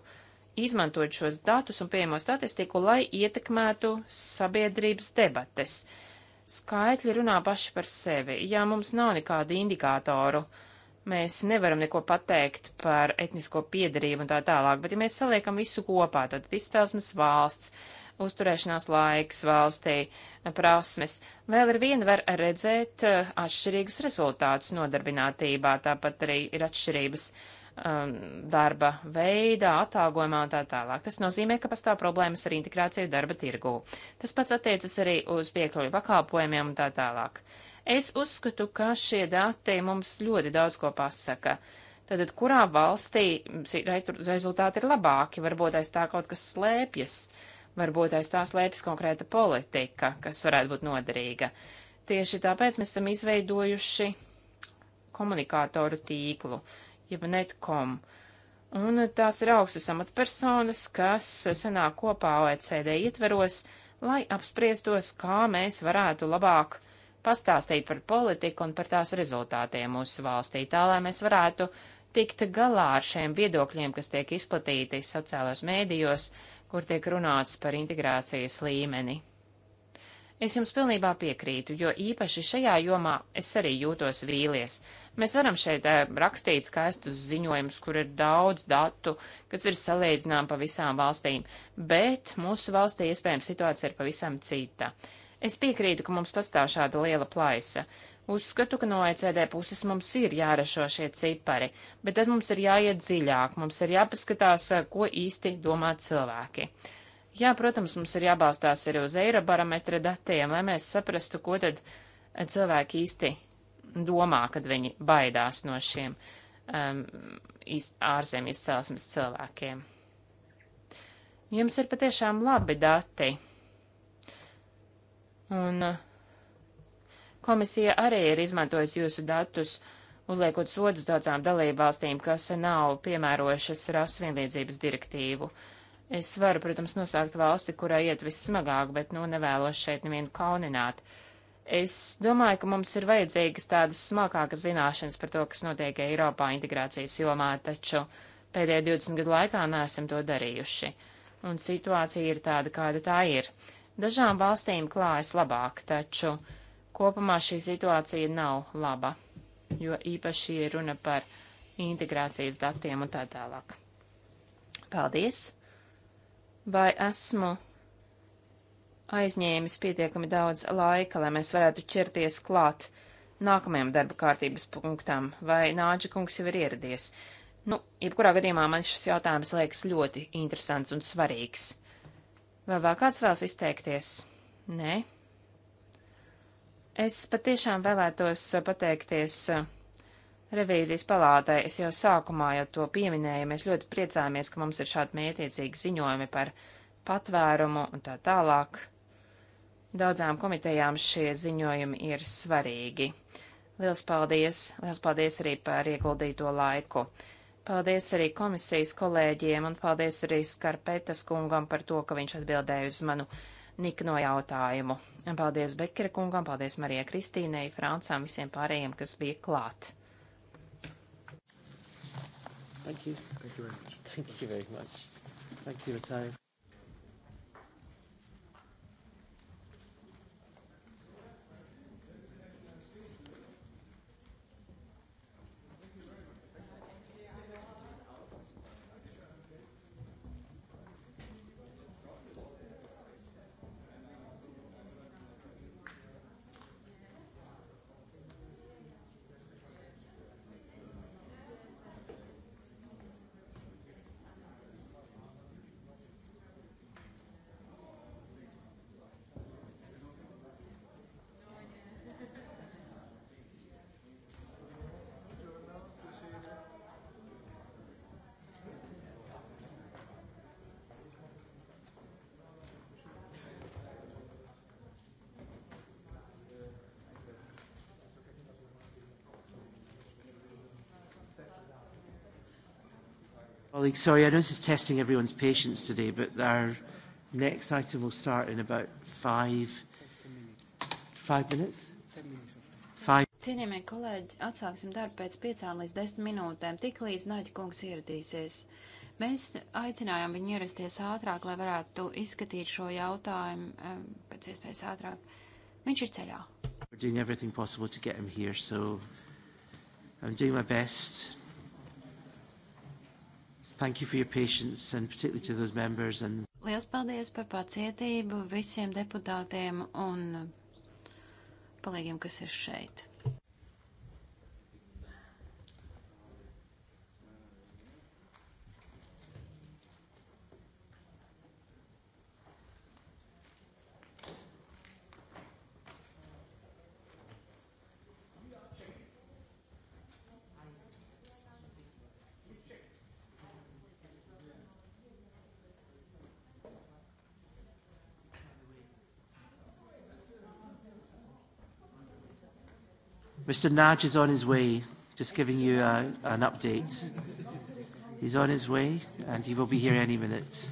izmantot šos datus un pieejamo statistiku, lai ietekmētu sabiedrības debates. Skaitļi runā paši par sevi. Ja mums nav nekādu indikātoru, mēs nevaram neko pateikt par etnisko piedarību un tā tālāk, bet ja mēs saliekam visu kopā, tad izpelsmes valsts, uzturēšanās laiks valstī, prasmes. Vēl ar vienu var redzēt uh, atšķirīgus rezultātus nodarbinātībā, tāpat arī ir atšķirības um, darba veidā, atalgojumā un tā tālāk. Tas nozīmē, ka pastāv problēmas ar integrāciju darba tirgū. Tas pats attiecas arī uz piekļuvi pakalpojumiem un tā tālāk. Es uzskatu, ka šie dati mums ļoti daudz ko pasaka. Tātad, kurā valstī rezultāti ir labāki, varbūt aiz tā kaut kas slēpjas. Uh, Varbūt aiz tās lēpjas konkrēta politika, kas varētu būt noderīga. Tieši tāpēc mēs esam izveidojuši komunikātoru tīklu, jeb netkom. Un tās ir augstas amatpersonas, kas sanāk kopā OECD ietveros, lai apspriestos, kā mēs varētu labāk pastāstīt par politiku un par tās rezultātiem mūsu valstī, tā lai mēs varētu tikt galā ar šiem viedokļiem, kas tiek izplatīti sociālajos mēdījos, uh, kur tiek runāts par integrācijas līmeni. Es jums pilnībā piekrītu, jo īpaši šajā jomā es arī jūtos vīlies. Mēs varam šeit eh, rakstīt skaistus ziņojumus, kur ir daudz datu, kas ir salīdzinām pa visām valstīm, bet mūsu valstī iespējams situācija ir pavisam cita. Es piekrītu, ka mums pastāv šāda liela plaisa. Uzskatu, ka no OECD puses mums ir jārešo šie cipari, bet tad mums ir jāiet dziļāk, mums ir jāpaskatās, eh, ko īsti domā cilvēki. Jā, protams, mums ir jābalstās arī uz eirobarometra datiem, lai mēs saprastu, ko tad eh, cilvēki īsti domā, kad viņi baidās no šiem um, ehm, ārzemju izcelsmes cilvēkiem. Jums ir patiešām labi dati. Un uh, Komisija arī ir izmantojusi jūsu datus, uzliekot sodus daudzām dalībvalstīm, kas nav piemērojušas rasu vienlīdzības direktīvu. Es varu, protams, nosaukt valsti, kurai iet vissmagāk, bet nu nevēlos šeit nevienu kaunināt. Es domāju, ka mums ir vajadzīgas tādas smalkākas zināšanas par to, kas notiek Eiropā integrācijas jomā, taču pēdējo 20 gadu laikā neesam to darījuši, un situācija ir tāda, kāda tā ir. Dažām valstīm klājas labāk, taču Kopumā šī situācija nav laba, jo īpaši ir runa par integrācijas datiem un tā tālāk. Paldies! Vai esmu aizņēmis pietiekami daudz laika, lai mēs varētu ķerties klāt nākamajam darba kārtības punktam, vai Nāģa kungs jau ir ieradies? Nu, jebkurā gadījumā man šis jautājums liekas ļoti interesants un svarīgs. Vai vēl kāds vēlas izteikties? Nē? Es patiešām vēlētos eh, pateikties eh, revīzijas palātai. Es jau sākumā jau to pieminēju, mēs ļoti priecājamies, ka mums ir šādi mētiecīgi ziņojumi par patvērumu un tā tālāk. Daudzām komitejām šie ziņojumi ir svarīgi. Liels paldies! Liels paldies arī par ieguldīto laiku! Paldies arī komisijas kolēģiem un paldies arī Skarpetas kungam par to, ka viņš atbildēja uz manu jautājumu Nikno jautājumu. Paldies Bekera kungam, paldies Marijai Kristīnei, Francām, visiem pārējiem, kas bija klāt. Thank you. Thank you very much. Thank you very much. Thank you, Matthias. colleagues, sorry, I know this is testing everyone's patience today, but our next item will start in about five, five minutes. Five. Cienījamie kolēģi, atsāksim darbu pēc 5 līdz 10 minūtēm, tik līdz Naģa kungs ieradīsies. Mēs aicinājām viņu ierasties ātrāk, lai varētu izskatīt šo jautājumu pēc iespējas ātrāk. Viņš ir ceļā. We're doing everything possible to get him here, so I'm doing my best. Thank you for your patience and particularly to those members and Liels paldies par pacietību visiem deputātiem un palīgiem, kas ir šeit. Mr. Naj is on his way, just giving you a, uh, an update. He's on his way, and he will be here any minute.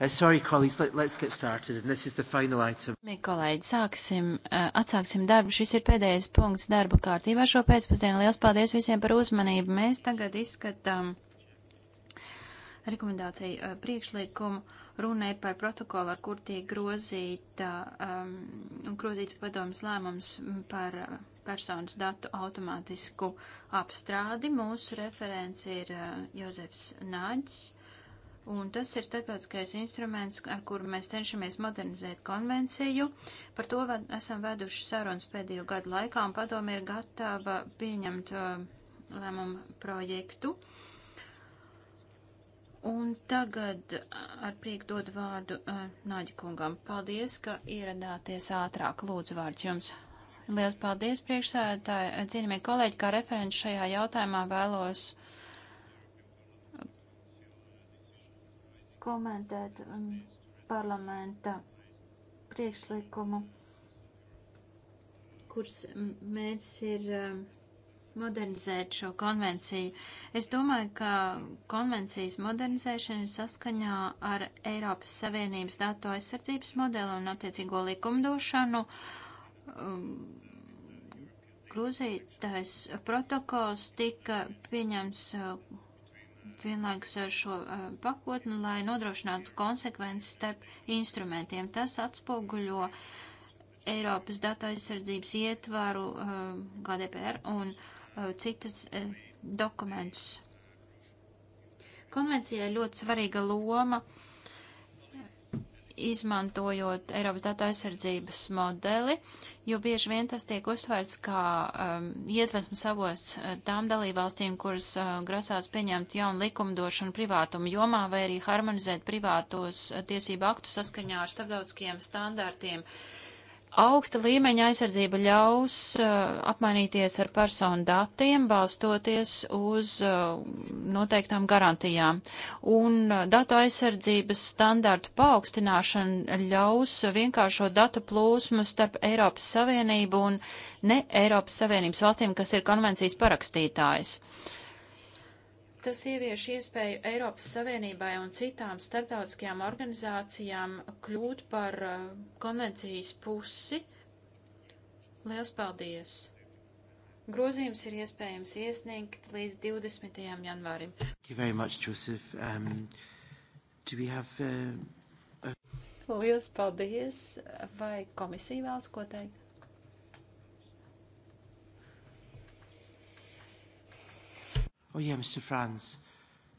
Uh, sorry, colleagues, let, let's get started, and this is the final item. Mie kolēģi, sāksim, uh, atsāksim darbu. Šis ir pēdējais punkts darba kārtībā šo pēcpusdienu. Liels paldies visiem par uzmanību. Mēs tagad izskatām rekomendāciju uh, priekšlikumu. Runa ir par protokolu, ar kur tiek grozīta um, un grozīts padomas lēmums par uh, personas datu automātisku apstrādi. Mūsu referents ir uh, Jozefs Nāģis. Un tas ir starptautiskais instruments, ar kuru mēs cenšamies modernizēt konvenciju. Par to ved, esam veduši sarunas pēdējo gadu laikā, un padomi ir gatava pieņemt uh, lēmumu projektu. Un tagad uh, ar prieku dod vārdu uh, Nāģikungam. Paldies, ka ieradāties ātrāk. Lūdzu, vārds jums. Liels paldies, priekšsēdētāji. Cienījamie kolēģi, kā referents šajā jautājumā vēlos komentēt um, parlamenta priekšlikumu, kuras mērķis ir um, modernizēt šo konvenciju. Es domāju, ka konvencijas modernizēšana ir saskaņā ar Eiropas Savienības datu aizsardzības modeli un attiecīgo likumdošanu. Um, Grūzītais protokols tika pieņems uh, vienlaikus ar šo pakotni, lai nodrošinātu konsekvences starp instrumentiem. Tas atspoguļo Eiropas datu aizsardzības ietvaru GDPR un citas dokumentus. Konvencijai ļoti svarīga loma uh, izmantojot Eiropas datu aizsardzības modeli, jo bieži vien tas tiek uztvērts kā um, ietvesmas avots uh, tām dalībvalstīm, kuras uh, grasās pieņemt jaunu likumdošanu privātumu jomā vai arī harmonizēt privātos uh, tiesību aktu saskaņā ar starptautiskiem standārtiem. Uh, Augsta līmeņa aizsardzība ļaus uh, apmainīties ar personu datiem, balstoties uz uh, noteiktām garantijām. Un uh, datu aizsardzības standartu paaugstināšana ļaus vienkāršo datu plūsmu starp Eiropas Savienību un ne Eiropas Savienības valstīm, kas ir konvencijas parakstītājs. Uh, Tas ievieš iespēju Eiropas Savienībai un citām starptautiskajām organizācijām kļūt par eh, konvencijas pusi. Liels paldies! Grozījums ir iespējams iesniegt līdz 20. janvārim. Much, Joseph. um, have, uh, a... Liels paldies! Vai komisija vēlas ko teikt? O jie, Mr. Franz.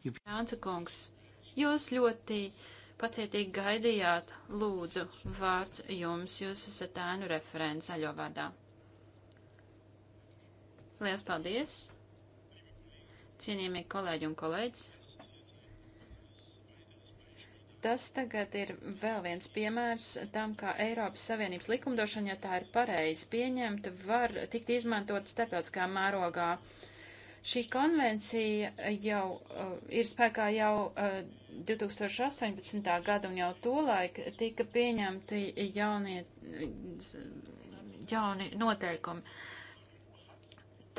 You... Franca kungs, jūs ļoti pacietīgi gaidījāt. Lūdzu, vārds jums, jūs esat ēnu referents zaļo vārdā. Lielas paldies! Cienījamie kolēģi un kolēģis! Tas tagad ir vēl viens piemērs tam, kā Eiropas Savienības likumdošana, ja tā ir pareizi pieņemta, var tikt izmantot starptautiskā mērogā. Uh, Šī konvencija jau uh, ir spēkā jau uh, 2018. gada un jau tolaik tika pieņemti jaunie, jauni noteikumi.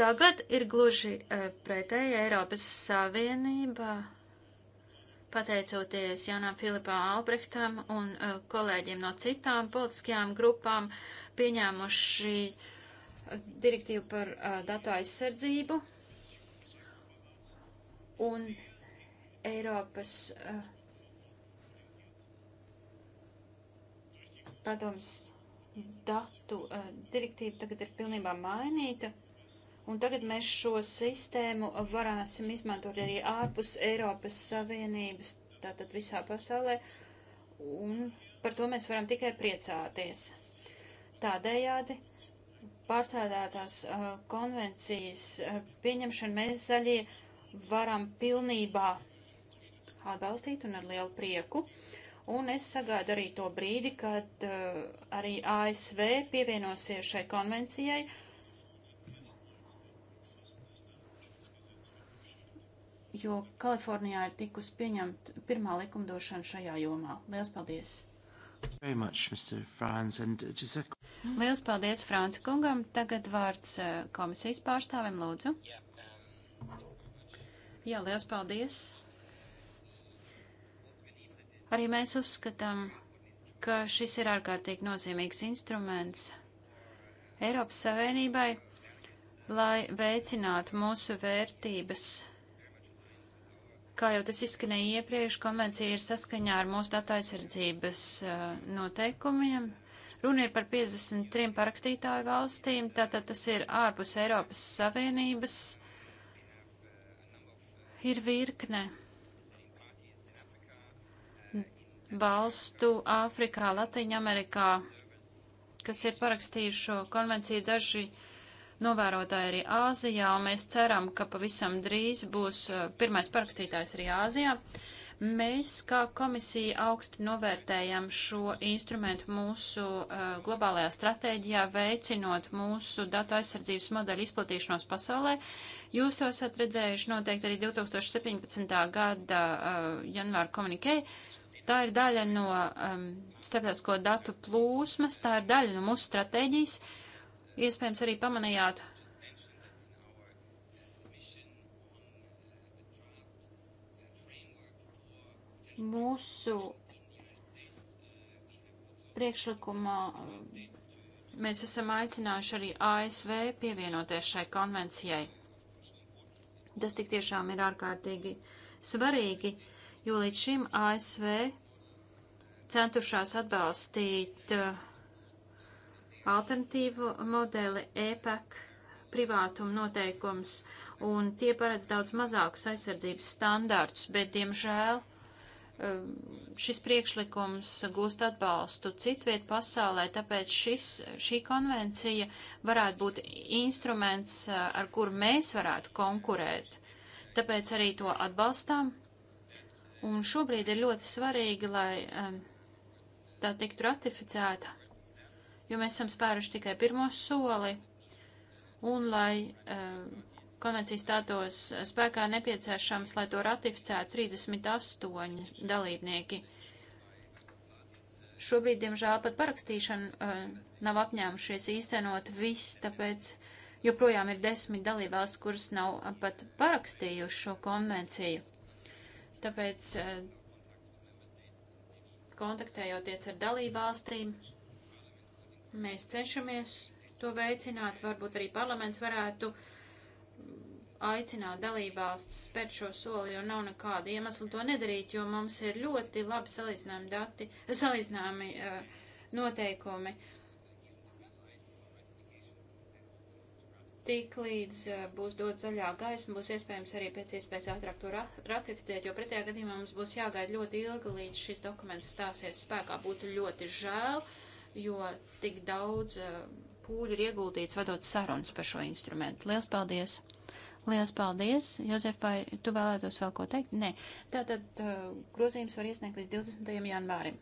Tagad ir gluži uh, pretēji Eiropas Savienība pateicoties Janam Filipam Albrechtam un uh, kolēģiem no citām politiskajām grupām, pieņēmuši uh, direktīvu par uh, datu aizsardzību un Eiropas uh, eh, padomas datu uh, direktīva tagad ir pilnībā mainīta. Un tagad mēs šo sistēmu varēsim izmantot arī ārpus Eiropas Savienības, tātad visā pasaulē, un par to mēs varam tikai priecāties. Tādējādi pārstrādātās uh, konvencijas uh, pieņemšanu mēs zaļie uh, varam pilnībā atbalstīt un ar lielu prieku. Un es sagādu arī to brīdi, kad uh, arī ASV pievienosies šai konvencijai. Jo Kalifornijā ir tikus pieņemta pirmā likumdošana šajā jomā. Lielas paldies! Much, Franz, uh, Liels paldies, Franci kungam. Tagad vārds eh, komisijas pārstāvim, lūdzu. Yeah. Jā, liels paldies! Arī mēs uzskatām, ka šis ir ārkārtīgi nozīmīgs instruments Eiropas Savienībai, lai veicinātu mūsu vērtības. Kā jau tas izskanēja iepriekš, konvencija ir saskaņā ar mūsu datu aizsardzības eh, noteikumiem. Runa ir par 53 parakstītāju valstīm, tātad tas ir ārpus Eiropas Savienības ir virkne valstu Āfrikā, Latviņamerikā, kas ir parakstījuši šo konvenciju daži novērotāji arī Āzijā, un mēs ceram, ka pavisam drīz būs uh, pirmais parakstītājs arī Āzijā. Uh, Mēs, kā komisija, augstu novērtējam šo instrumentu mūsu uh, globālajā stratēģijā, veicinot mūsu datu aizsardzības modeļu izplatīšanos pasaulē. Jūs to esat redzējuši noteikti arī 2017. gada uh, janvāra komunikē. Tā ir daļa no um, starptautisko datu plūsmas, tā ir daļa no mūsu stratēģijas. Iespējams, arī pamanījāt Mūsu priekšlikumā eh, mēs esam aicinājuši arī ASV pievienoties šai konvencijai. Tas tik tiešām ir ārkārtīgi svarīgi, jo līdz šim ASV centušās atbalstīt eh, alternatīvu modeli EPAC e privātuma noteikums, un tie paredz daudz mazākus aizsardzības standārtus, bet, diemžēl, Ehm, šis priekšlikums gūst atbalstu citviet pasaulē, tāpēc šis, šī konvencija varētu būt instruments, eh, ar kur mēs varētu konkurēt. Tāpēc arī to atbalstām. Un šobrīd ir ļoti svarīgi, lai um, tā tiktu ratificēta, jo mēs esam spēruši tikai pirmo soli, un lai um, konvencijas stātos spēkā nepieciešams, lai to ratificētu 38 dalībnieki. Šobrīd, diemžēl, pat parakstīšana uh, nav apņēmušies īstenot viss, tāpēc joprojām ir desmit dalībās, kuras nav pat parakstījuši šo konvenciju. Tāpēc, uh, kontaktējoties ar dalībvalstīm, mēs cenšamies to veicināt. Varbūt arī parlaments varētu uh, aicināt dalībvalstis spēt šo soli, jo nav nekāda iemesla to nedarīt, jo mums ir ļoti labi salīdzināmi dati, salīdzināmi uh, noteikumi. Tik līdz uh, eh, būs dot zaļā gaisma, būs iespējams arī pēc iespējas ātrāk to ra ratificēt, jo pretējā gadījumā mums būs jāgaida ļoti ilgi, līdz šis dokuments stāsies spēkā. Būtu ļoti žēl, jo tik daudz uh, pūļu ir ieguldīts vadot sarunas par šo instrumentu. Liels paldies! Lielas paldies. Jozef, vai tu vēlētos vēl ko teikt? Nē. Tātad uh, grozījums var iesniegt līdz 20. janvārim.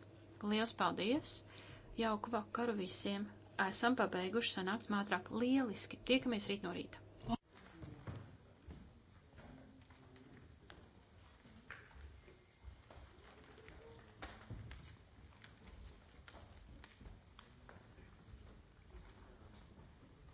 Lielas paldies. Jauku vakaru visiem. Esam pabeiguši sanāksmā ātrāk. Lieliski. Tiekamies rīt no rīta.